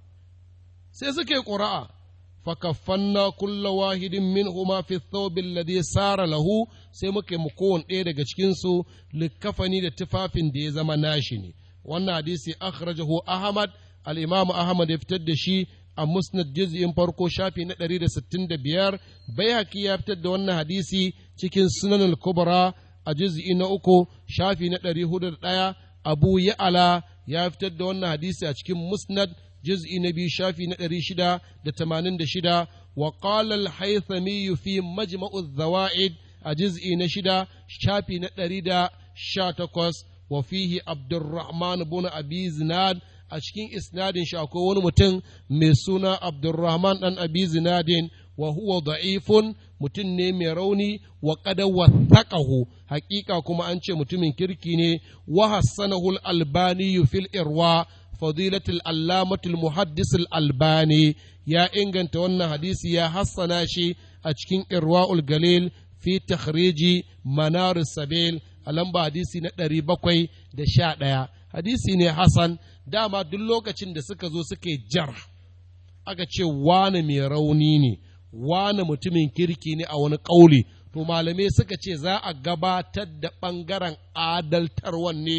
sai suke yi ƙura'a fakaffanna kulla wahidin minhuma fi thawbil ladhi sara lahu sai muke mu kowane ɗaya daga cikin su likafani da tufafin da ya zama nashi ne wannan hadisi akhrajahu ahmad al-imam ahmad ya fitar da shi a musnad juz'in farko shafi na 165 bayhaqi ya fitar da wannan hadisi cikin sunan al-kubra a juz'i na uku shafi na 401 abu ya'ala ya fitar da wannan hadisi a cikin musnad juz'i na biyu shafi na ɗari shida da tamanin da shida wa qala al fi majma'u zawaid a juz'i na shida shafi na ɗari da sha takwas wa fihi abdurrahman ibn abi zinad a cikin isnadin shi wani mutum mai suna abdurrahman dan abi zinadin wa huwa da'ifun mutum ne mai rauni wa qada wathaqahu haƙiƙa kuma an ce mutumin kirki ne wa hassanahu al-albani fil irwa fadilatul allamatul muhaddisul albani ya inganta wannan hadisi ya hassana shi a cikin irwa'ul galil fi takhriji manarus sabil a lamba hadisi na ɗari bakwai da sha ɗaya hadisi ne Hassan, dama duk lokacin da suka zo suke jar aka ce wane mai rauni ne wane mutumin kirki ne a wani ƙauli to malamai suka ce za a gabatar da ɓangaren adaltarwan ne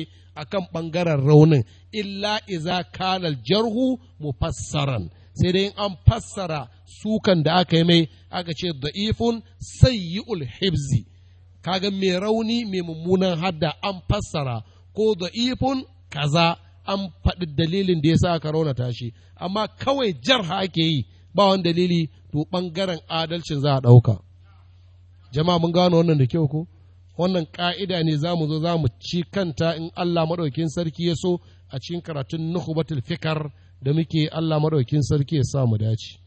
kan ɓangaren raunin illa iza kanal jarhu mufassaran sai dai an fassara sukan da aka yi mai aka ce da'ifun sayyi'ul hibzi kaga mai rauni mai mummunan hadda an fassara ko da'ifun kaza an faɗi dalilin da ya sa aka raunata shi amma kawai jarha ake yi ba wani dalili to ɓangaren adalcin za a ɗauka jama'a mun gano wannan da kyau ko wannan ka'ida ne za mu zo za mu ci kanta in Allah maɗaukin sarki ya so a cikin karatun nuhubatul fikar da muke Allah maɗaukin sarki ya sa mu dace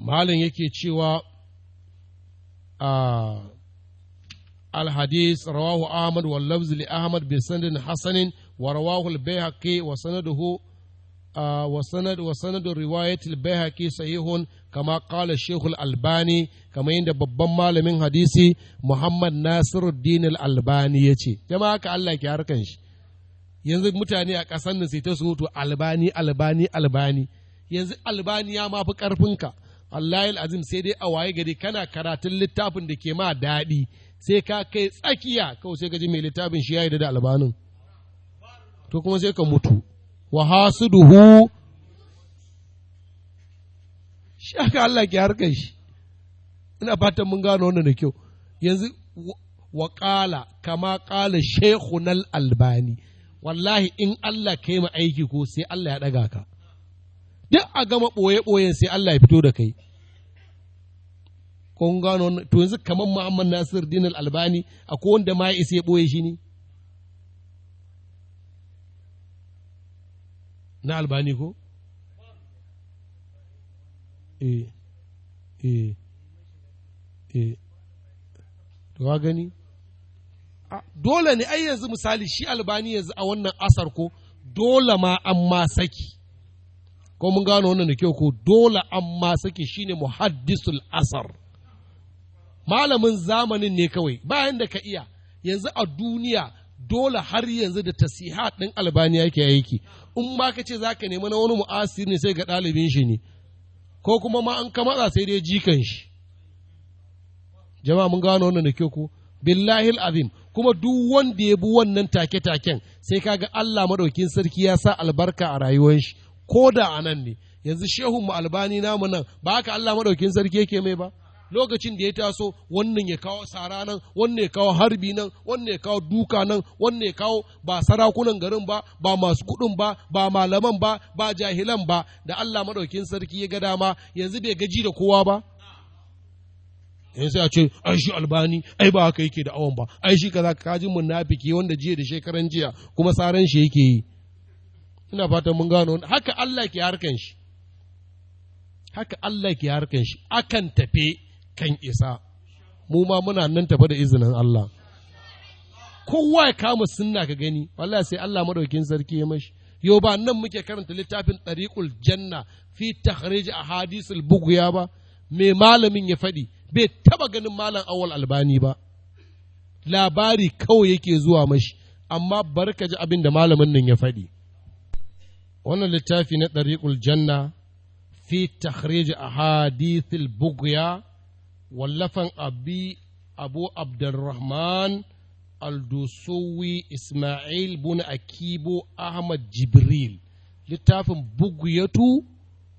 malin yake cewa a الحديث رواه أحمد واللفظ لأحمد بسند حسن ورواه البيهقي وسنده وسند وسند رواية البيهقي صحيح كما قال الشيخ الألباني كما عند babban malamin hadisi Muhammad Nasiruddin Al-Albani yace jama'a ka Allah ki harkan shi yanzu mutane a ƙasar nan sai ta Albani Albani Albani yanzu Albani ya mafi karfin ka wallahi azim sai dai a waye gari kana karatun littafin da ke ma daɗi sai ka kai tsakiya kawai sai ka ji mai littafin shi ya da albanin to kuma sai ka mutu wa hasuduhu shi haka Allah ke harkar ina fatan mun gano wannan da kyau yanzu wa ƙala kama ƙala shekhunal albani wallahi in Allah ka ma aiki ko sai Allah ya daga ka duk a gama ɓoye-ɓoyen sai Allah ya fito da kai kun gano to yanzu kaman Muhammad Nasir Din Albani akwai wanda ma isa ya ɓoye shi ne na albani ko eh eh eh to gani dole ne ai yanzu misali shi albani yanzu a wannan asar ko dole ma an ma saki ko mun gano wannan da kyau ko dole an ma saki shine muhaddisul asar malamin zamanin ne kawai bayan da ka iya yanzu a duniya dole har yanzu da tasiha ɗin albaniya yake aiki in ma ka ce za ka nemi na wani mu'asir ne sai ga ɗalibin shi ne ko kuma ma an kamatsa sai dai jikan shi jama'a mun gano wannan da kyau ko billahi kuma duk wanda ya bi wannan take-taken sai kaga Allah madaukin sarki ya sa albarka a rayuwar shi ko da anan ne yanzu shehun mu albani namu nan ba haka Allah madaukin sarki yake mai ba lokacin da ya taso wannan ya kawo sara nan wannan ya kawo harbi nan wannan ya kawo duka nan wannan ya kawo ba sarakunan garin ba ba masu kuɗin ba ba malaman ba ba jahilan ba da Allah madaukin sarki ya ga dama yanzu bai gaji da kowa ba yanzu eh, sai a ce ai shi albani ai ba haka yake da awon ba ai shi kaza ka ji munafiki wanda jiya da shekaran jiya kuma saran shi yake yi ina fatan mun gano haka Allah ke harkan shi haka Allah ke harkan shi akan tafe kan isa mu ma muna nan tafa da izinin Allah kowa ya kama sunna ka gani wallahi sai Allah madaukin sarki ya mashi yau ba nan muke karanta littafin tariqul janna fi tahrij ahadisul buguya ba me malamin ya faɗi bai taɓa ganin malam awal albani ba labari kawai yake zuwa mashi amma barka ji abin da malamin nan ya faɗi wannan littafi na tariqul janna fi tahrij ahadithil buguya wallafan abi abu Abdulrahman Aldusowi ismail bun akibo ahmad jibril littafin bugyatu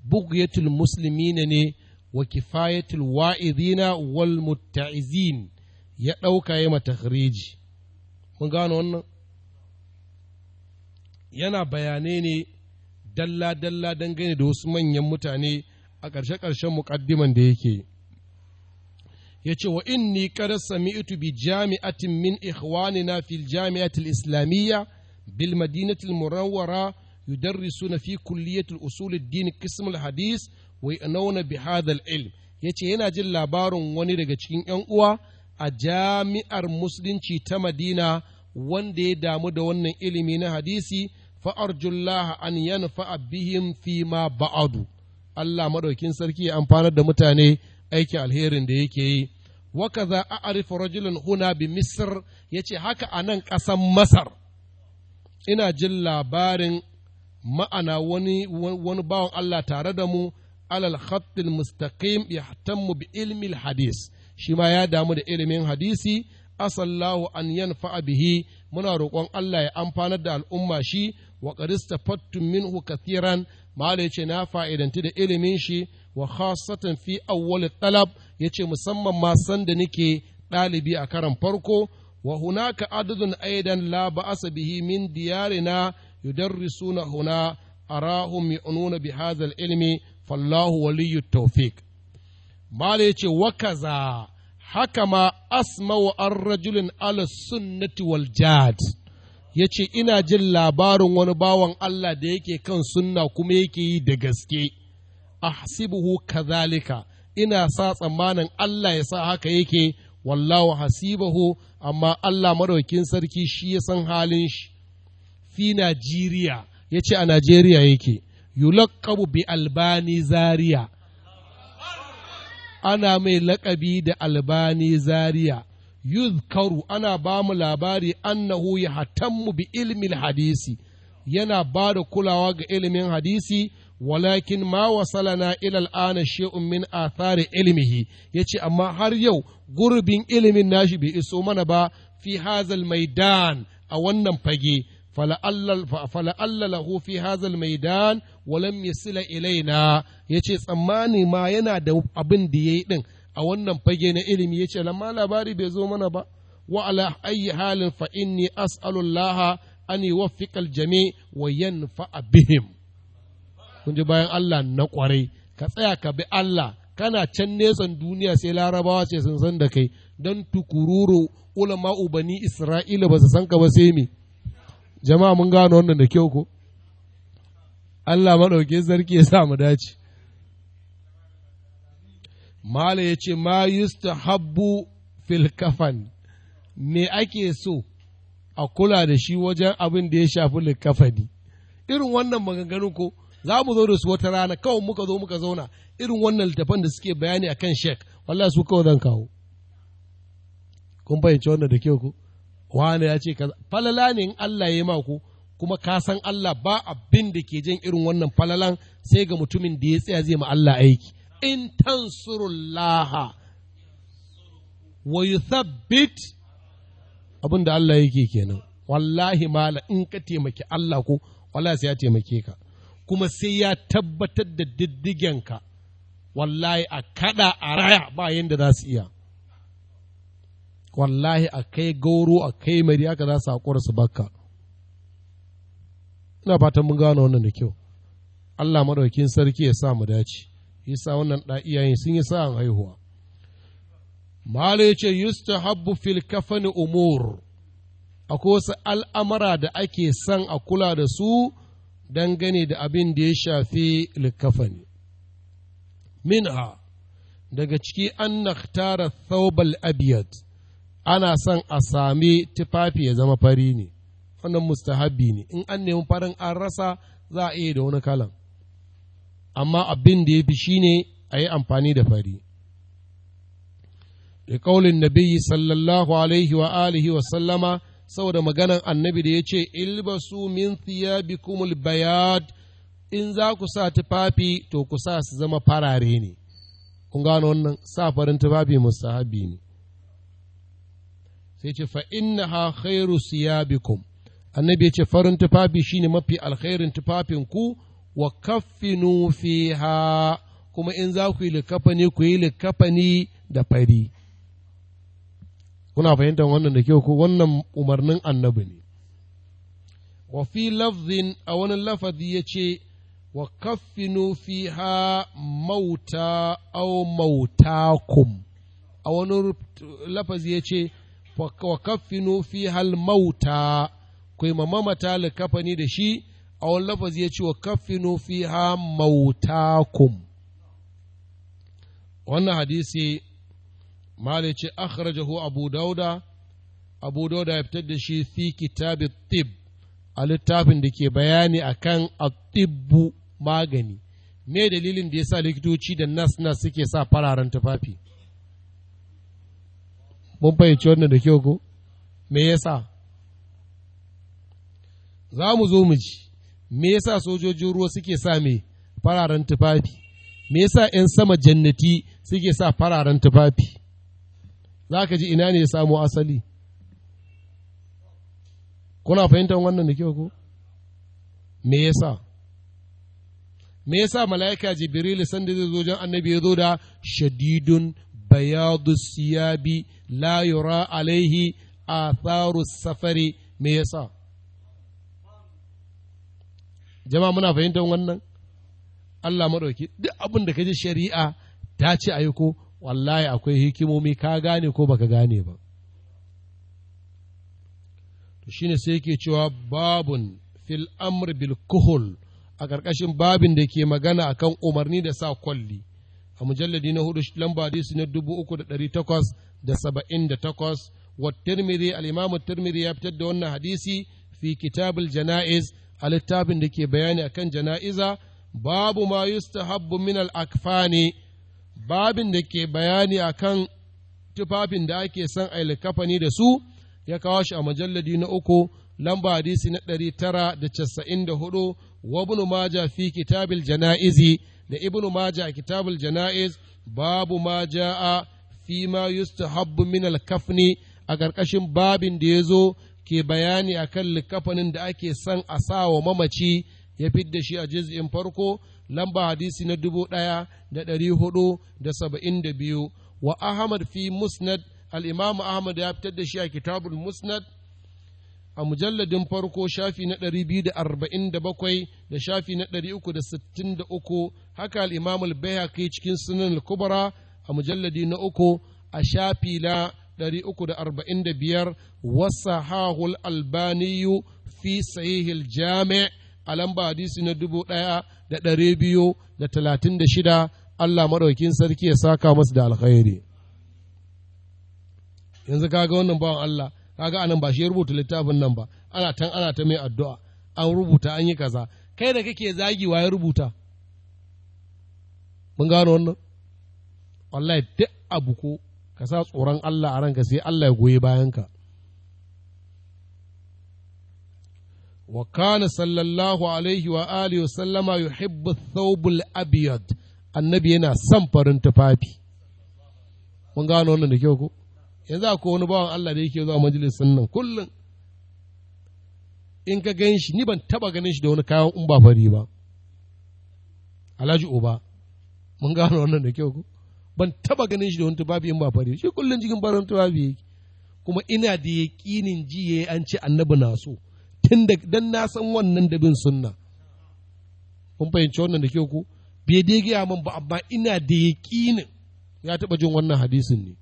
bugyatul muslimina ne wa kifayatul wa'izina wal mutta'izin ya ɗauka ya matakhriji mun gano wannan yana bayanai ne dalla-dalla dangane da wasu manyan mutane a ƙarshe-ƙarshen muƙaddiman da yake yi ya ce wa inni sami sami'tu bi jami'atin min ikhwanina fil jami'atil islamiyya bil madinatil murawwara yudarrisuna fi kulliyatil usul ad-din qism hadis wa yanawna bi hadha al-ilm yace yana jin labarin wani daga cikin yan uwa a jami'ar musulunci ta Madina wanda ya damu da wannan ilimi na hadisi fa'arjullaha an yanfa'a bihim fi ma ba'adu Allah madaukin sarki ya amfanar da mutane aikin alherin da yake yi waka za a arifa rajulun huna bi misir ya ce haka a nan ƙasan masar ina jin labarin ma'ana wani wani bawan Allah tare da mu alal khattil mustaqim yahtammu bi ilmi hadis shi ma ya damu da ilimin hadisi asallahu an yanfa'a bihi muna roƙon Allah ya amfanar da al'umma shi wa qadista fattum minhu kathiran mala yace na fa'idanti da ilimin shi wa khasatan fi awwal talab yace musamman ma san da nake ɗalibi a karan farko wa hunaka adadun aidan la ba'asa bihi min diyarina yudarrisuna huna arahum yu'nuna bi hadha ilmi fallahu waliyyu tawfiq mala yace wa kaza haka ma asma'u an rajulin ala sunnati wal jad yace ina jin labarin wani bawan Allah da yake kan sunna kuma yake yi da gaske ahsibuhu kazalika ina sa tsammanin Allah ya sa haka yake wallahu hasibahu amma Allah maɗaukin sarki shi ya san halin shi fi Najeriya ya ce a Najeriya yake yulakabu bi albani zaria ana mai laƙabi da albani zaria yuzkaru ana ba mu labari annahu ya hatammu bi ilmin hadisi yana ba da kulawa ga ilimin hadisi walakin ma wasalana ilal ana she'un min athari ilmihi yace amma har yau gurbin ilimin nashi bai iso mana ba fi hazal maidan a wannan fage fala'alla lahu fi hazal maidan walam yasila ilaina yace tsammani ma yana da abin da yayi ɗin, a wannan fage na ilimi yace lamma labari bai zo mana ba wa ala ayi halin fa inni as'alullaha an yuwaffiqal jami' wa yanfa'a bihim kun ji bayan Allah na kwarai ka tsaya ka bi Allah kana can nesan duniya sai larabawa ce sun san da kai don tukururu ulama ubani isra'ila ba su san ka ba sai me jama'a mun gano wannan da kyau ko Allah maɗauke sarki ya sa mu dace Mala ya ce ma habbu fil kafan me ake so a kula da shi wajen abin da ya shafi likafani irin wannan maganganu ko za mu zo da su wata rana kawai muka zo muka zauna irin wannan littafan da suke bayani a kan shek wallahi su kawai zan kawo kun fahimci wannan da kyau ku wani ya ce kaza falala ne in Allah ya ma ku kuma ka san Allah ba abin da ke jin irin wannan falalan sai ga mutumin da ya tsaya zai ma Allah aiki in tansurullah wa yuthabbit abin da Allah yake kenan wallahi mala in ka taimaki Allah ko wallahi sai ya taimake ka kuma sai ya tabbatar da diddigenka wallahi a kada a raya ba yadda za su iya wallahi a kai gauro a kai mari haka za su haƙura su baka ina fatan mun gano wannan da kyau Allah maɗaukin sarki ya sa mu dace sa wannan da iyayen sun yi sa'an haihuwa Malo ya ce Habu fil kafani umur akwai wasu al'amara da ake san a kula da su dangane da abin da ya shafi likafani minha daga ciki an tara thawbal abiyat ana son a sami tufafi ya zama fari ne wannan mustahabbi ne in an nemi farin an rasa za a iya da wani kalan amma abin da ya fi shine a yi amfani da fari da kaulin nabi sallallahu alaihi wa alihi wa sallama saboda maganan annabi da ya ce ilbasu min thiyabikumul bayad in za ku sa tufafi to ku sa su zama farare ne kun gano wannan sa farin tufafi musahabi ne sai ce fa innaha khairu siyabikum annabi ya ce farin tufafi shine mafi alkhairin tufafin ku wa kaffinu fiha kuma in za ku yi likafani ku yi likafani da fari kuna fahimtar wannan da kyau ko wannan umarnin annabi ne wa fi lafzin a wani lafazi ya ce wa kaffinu ha mauta au kum. a wani lafazi ya ce wa kaffinu hal mauta kai ma mamata likafani da shi a wani lafazi ya ce wa kaffinu mauta kum. wannan hadisi malai ce akhrajahu abu dauda abu dauda ya fitar da shi fi kitabi tib a littafin da ke bayani akan atibbu magani me dalilin da ya sa likitoci da nas na suke sa fararen tufafi mun fahimci wannan da kyau ko me ya sa za mu zo mu ji me ya sa sojojin ruwa suke sa me fararen tufafi me ya sa 'yan sama jannati suke sa fararen tufafi za ka ji ina ne ya asali kuna fahimtar wannan da kyau ko me yasa me yasa mala'ika jibril sanda zai zo jan annabi ya zo da shadidun bayadu siyabi la yura alaihi atharu safari me yasa jama'a muna fahimtar wannan Allah maɗauki duk abin da ka ji shari'a ta ce a yi ko wallahi akwai hikimomi ka gane ko baka gane ba to shine sai yake cewa babun fil amr bil kuhul a ƙarƙashin babin da ke magana akan umarni da sa kwalli a mujalladi na hudu lamba hadisi na dubu uku da ɗari takwas da saba'in da takwas wa tirmidhi al-imamu tirmidhi ya fitar da wannan hadisi fi kitabul jana'iz a littafin da ke bayani akan jana'iza babu ma yustahabbu min al-akfani babin da ke bayani a kan tufafin da ake son a likafani da su ya kawo shi a majalladi na uku lamba hadisi na ɗari tara da casa'in da hudu wa ibnu maja fi kitabil jana'izi da ibnu maja a kitabul jana'iz babu ma a fi ma yustahabbu min alkafni a ƙarƙashin babin da ya zo ke bayani a kan likafanin da ake son a sa wa mamaci ya fidda shi a juz'in farko lamba hadisi na dubu ɗaya da ɗari hudu da saba'in da biyu wa ahmad fi musnad al'imamu ahmad ya fitar da shi a kitabul musnad a mujalladin farko shafi na ɗari biyu da arba'in da bakwai da shafi na ɗari uku da sittin da uku haka al'imamu al-bayhaqi cikin sunan kubra a mujalladi na uku a shafi na ɗari uku da arba'in da biyar wasa hahul albaniyu fi sahihil jami' a lamba hadisi na dubu ɗaya da ɗari biyu da talatin da shida Allah maɗaukin sarki ya saka masu da alkhairi yanzu kaga wannan bawan Allah kaga anan ba shi ya rubuta littafin nan ba ana tan ana ta mai addu'a an rubuta an yi kaza kai da kake zagi wa ya rubuta mun gano wannan wallahi duk abu ko ka sa tsoron Allah a ranka sai Allah ya goyi bayanka wa kana sallallahu alaihi wa alihi يحب الثوب thawbul النبي annabi yana son farin من mun gano wannan da kyau ko yanzu akwai wani bawan Allah da yake zuwa majalisin nan kullum in ka gan ni ban taba ganin shi da wani in ba fari ba alhaji uba mun gano wannan da kyau ban taba ganin shi da wani tufafi in ba fari shi kullum kuma ina da yaƙinin ji an ce annabi na so dan na san wannan da bin sunna kun fahimci wannan da ke ku bai dai gaya min ba amma ina da yaƙinin ya taɓa jin wannan hadisin ne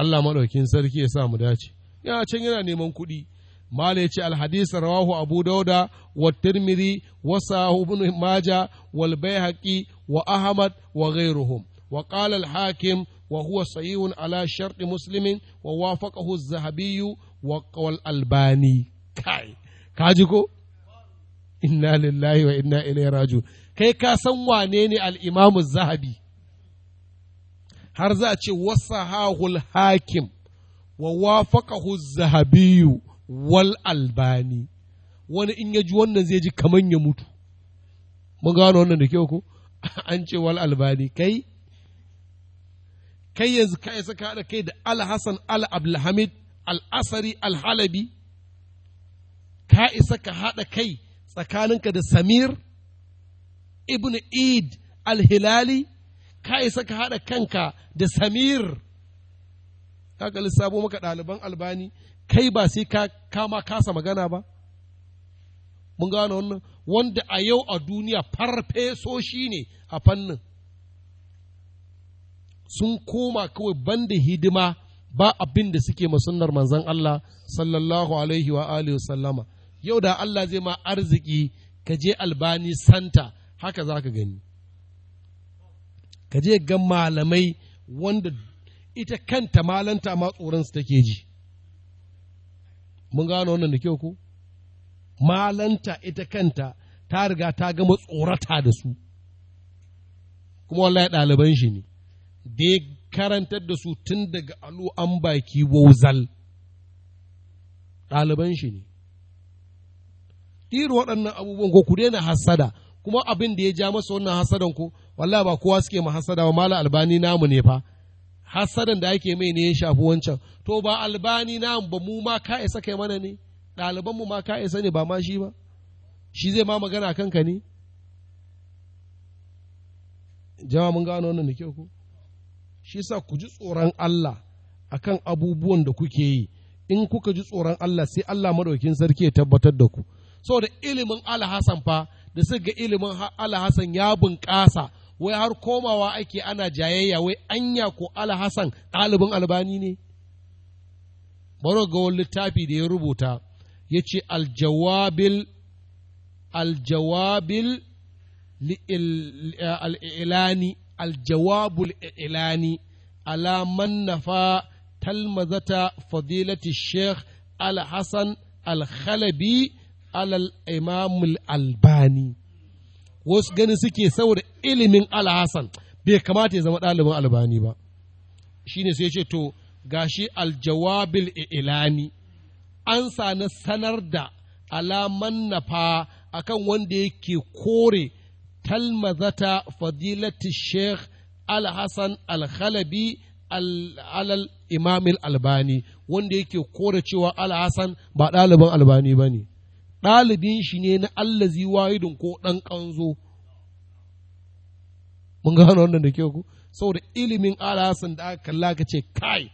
Allah maɗaukin sarki ya sa mu dace ya can yana neman kuɗi mala ya ce alhadis rawahu abu dauda wa tirmidhi wa sahu ibn maja wal baihaqi wa ahmad wa ghayruhum wa qala al hakim wa huwa sahihun ala shart muslimin wa wafaqahu az zahabiyu. waƙawal albani kai kaji ko inna lillahi wa inna ilaihi raju kai ka san wane ne al'imamu zahabi har za a ce wasahahul hakim wa wafaqahu zahabiyu wal albani wani in ya ji wannan zai ji kaman ya mutu mun gano wannan da kyau ko an ce wal albani kai kai yanzu ka saka da kai da al hasan al hamid al'asari alhalabi ka isa ka haɗa kai tsakaninka da samir ibn id alhilali ka isa ka haɗa kanka da samir kaga lissafo maka ɗaliban albani kai ba sai ka kama kasa magana ba mun gano wannan wanda a yau a duniya farfesoshi ne a fannin sun koma kawai banda hidima ba abin da suke masunnar manzon Allah sallallahu alaihi wa alihi sallama yau da Allah zai ma arziki ka je albani santa haka za ka gani ka je ga malamai wanda ita kanta malanta ma su take ji mun gano wannan da kyau ko malanta ita kanta ta riga ta gama tsorata da su kuma wallahi ɗaliban shi ne da karantar da su tun daga alu'an baki wauzal ɗaliban shi ne ɗiri waɗannan abubuwan ko ku daina hasada kuma abin da ya ja masa wannan hasadan ko wallahi ba kowa suke ma hasada ba mala albani namu ne fa hasadan da ake mai ne ya shafi wancan to ba albani namu ba mu ma ka isa kai mana ne ɗalibanmu ma ka isa ne ba ma shi ba shi zai ma magana kanka ne jama mun gano wannan da kyau ko shi sa ku ji tsoron Allah a kan abubuwan da kuke yi in kuka ji tsoron Allah sai Allah madaukin sarki ya tabbatar da ku saboda ilimin Allah fa da suka ga ilimin Allah ya bunƙasa wai har komawa ake ana jayayya wai anya ko Allah ɗalibin albani ne bari littafi da ya rubuta ya ce aljawabil aljawabil aljawabul ilani ala man nafa talmazata fadilati sheikh al-hassan al-khalabi imamul albani wasu ganin suke saboda ilimin Alhassan bai kamata ya zama ɗalibin albani ba shi ne sai ce to gashi aljawabil ilani an sani sanar da alaman nafa akan wanda yake kore Talmazata فضيلة الشيخ الحسن الخلبي alal imamil albani wanda yake kora cewa alhassan ba ɗaliban albani ba ne ɗalibin shi ne na allazi wahidun ko ɗan ƙanzo mun gano wannan da kyau ku saboda ilimin alhassan da aka kalla aka ce kai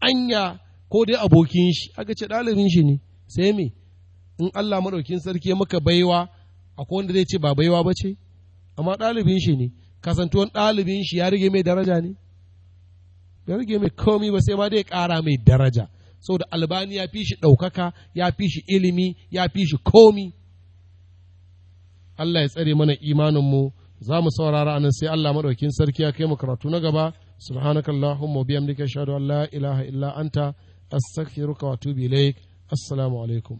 anya ko dai abokin shi aka ce ɗalibin shi ne sai me in allah maɗaukin sarki maka baiwa akwai wanda zai ce ba baiwa ba ce amma ɗalibin shi ne kasantuwan ɗalibin shi ya rage mai daraja ne ya rage mai komi ba sai ma dai ƙara mai daraja saboda albani ya fi shi ɗaukaka ya fi shi ilimi ya fi shi komi Allah ya tsare mana imaninmu za mu saurara anan sai Allah maɗaukin sarki ya kai mu karatu na gaba subhanakallahumma bihamdika ashhadu an la ilaha illa anta astaghfiruka wa atubu ilaik assalamu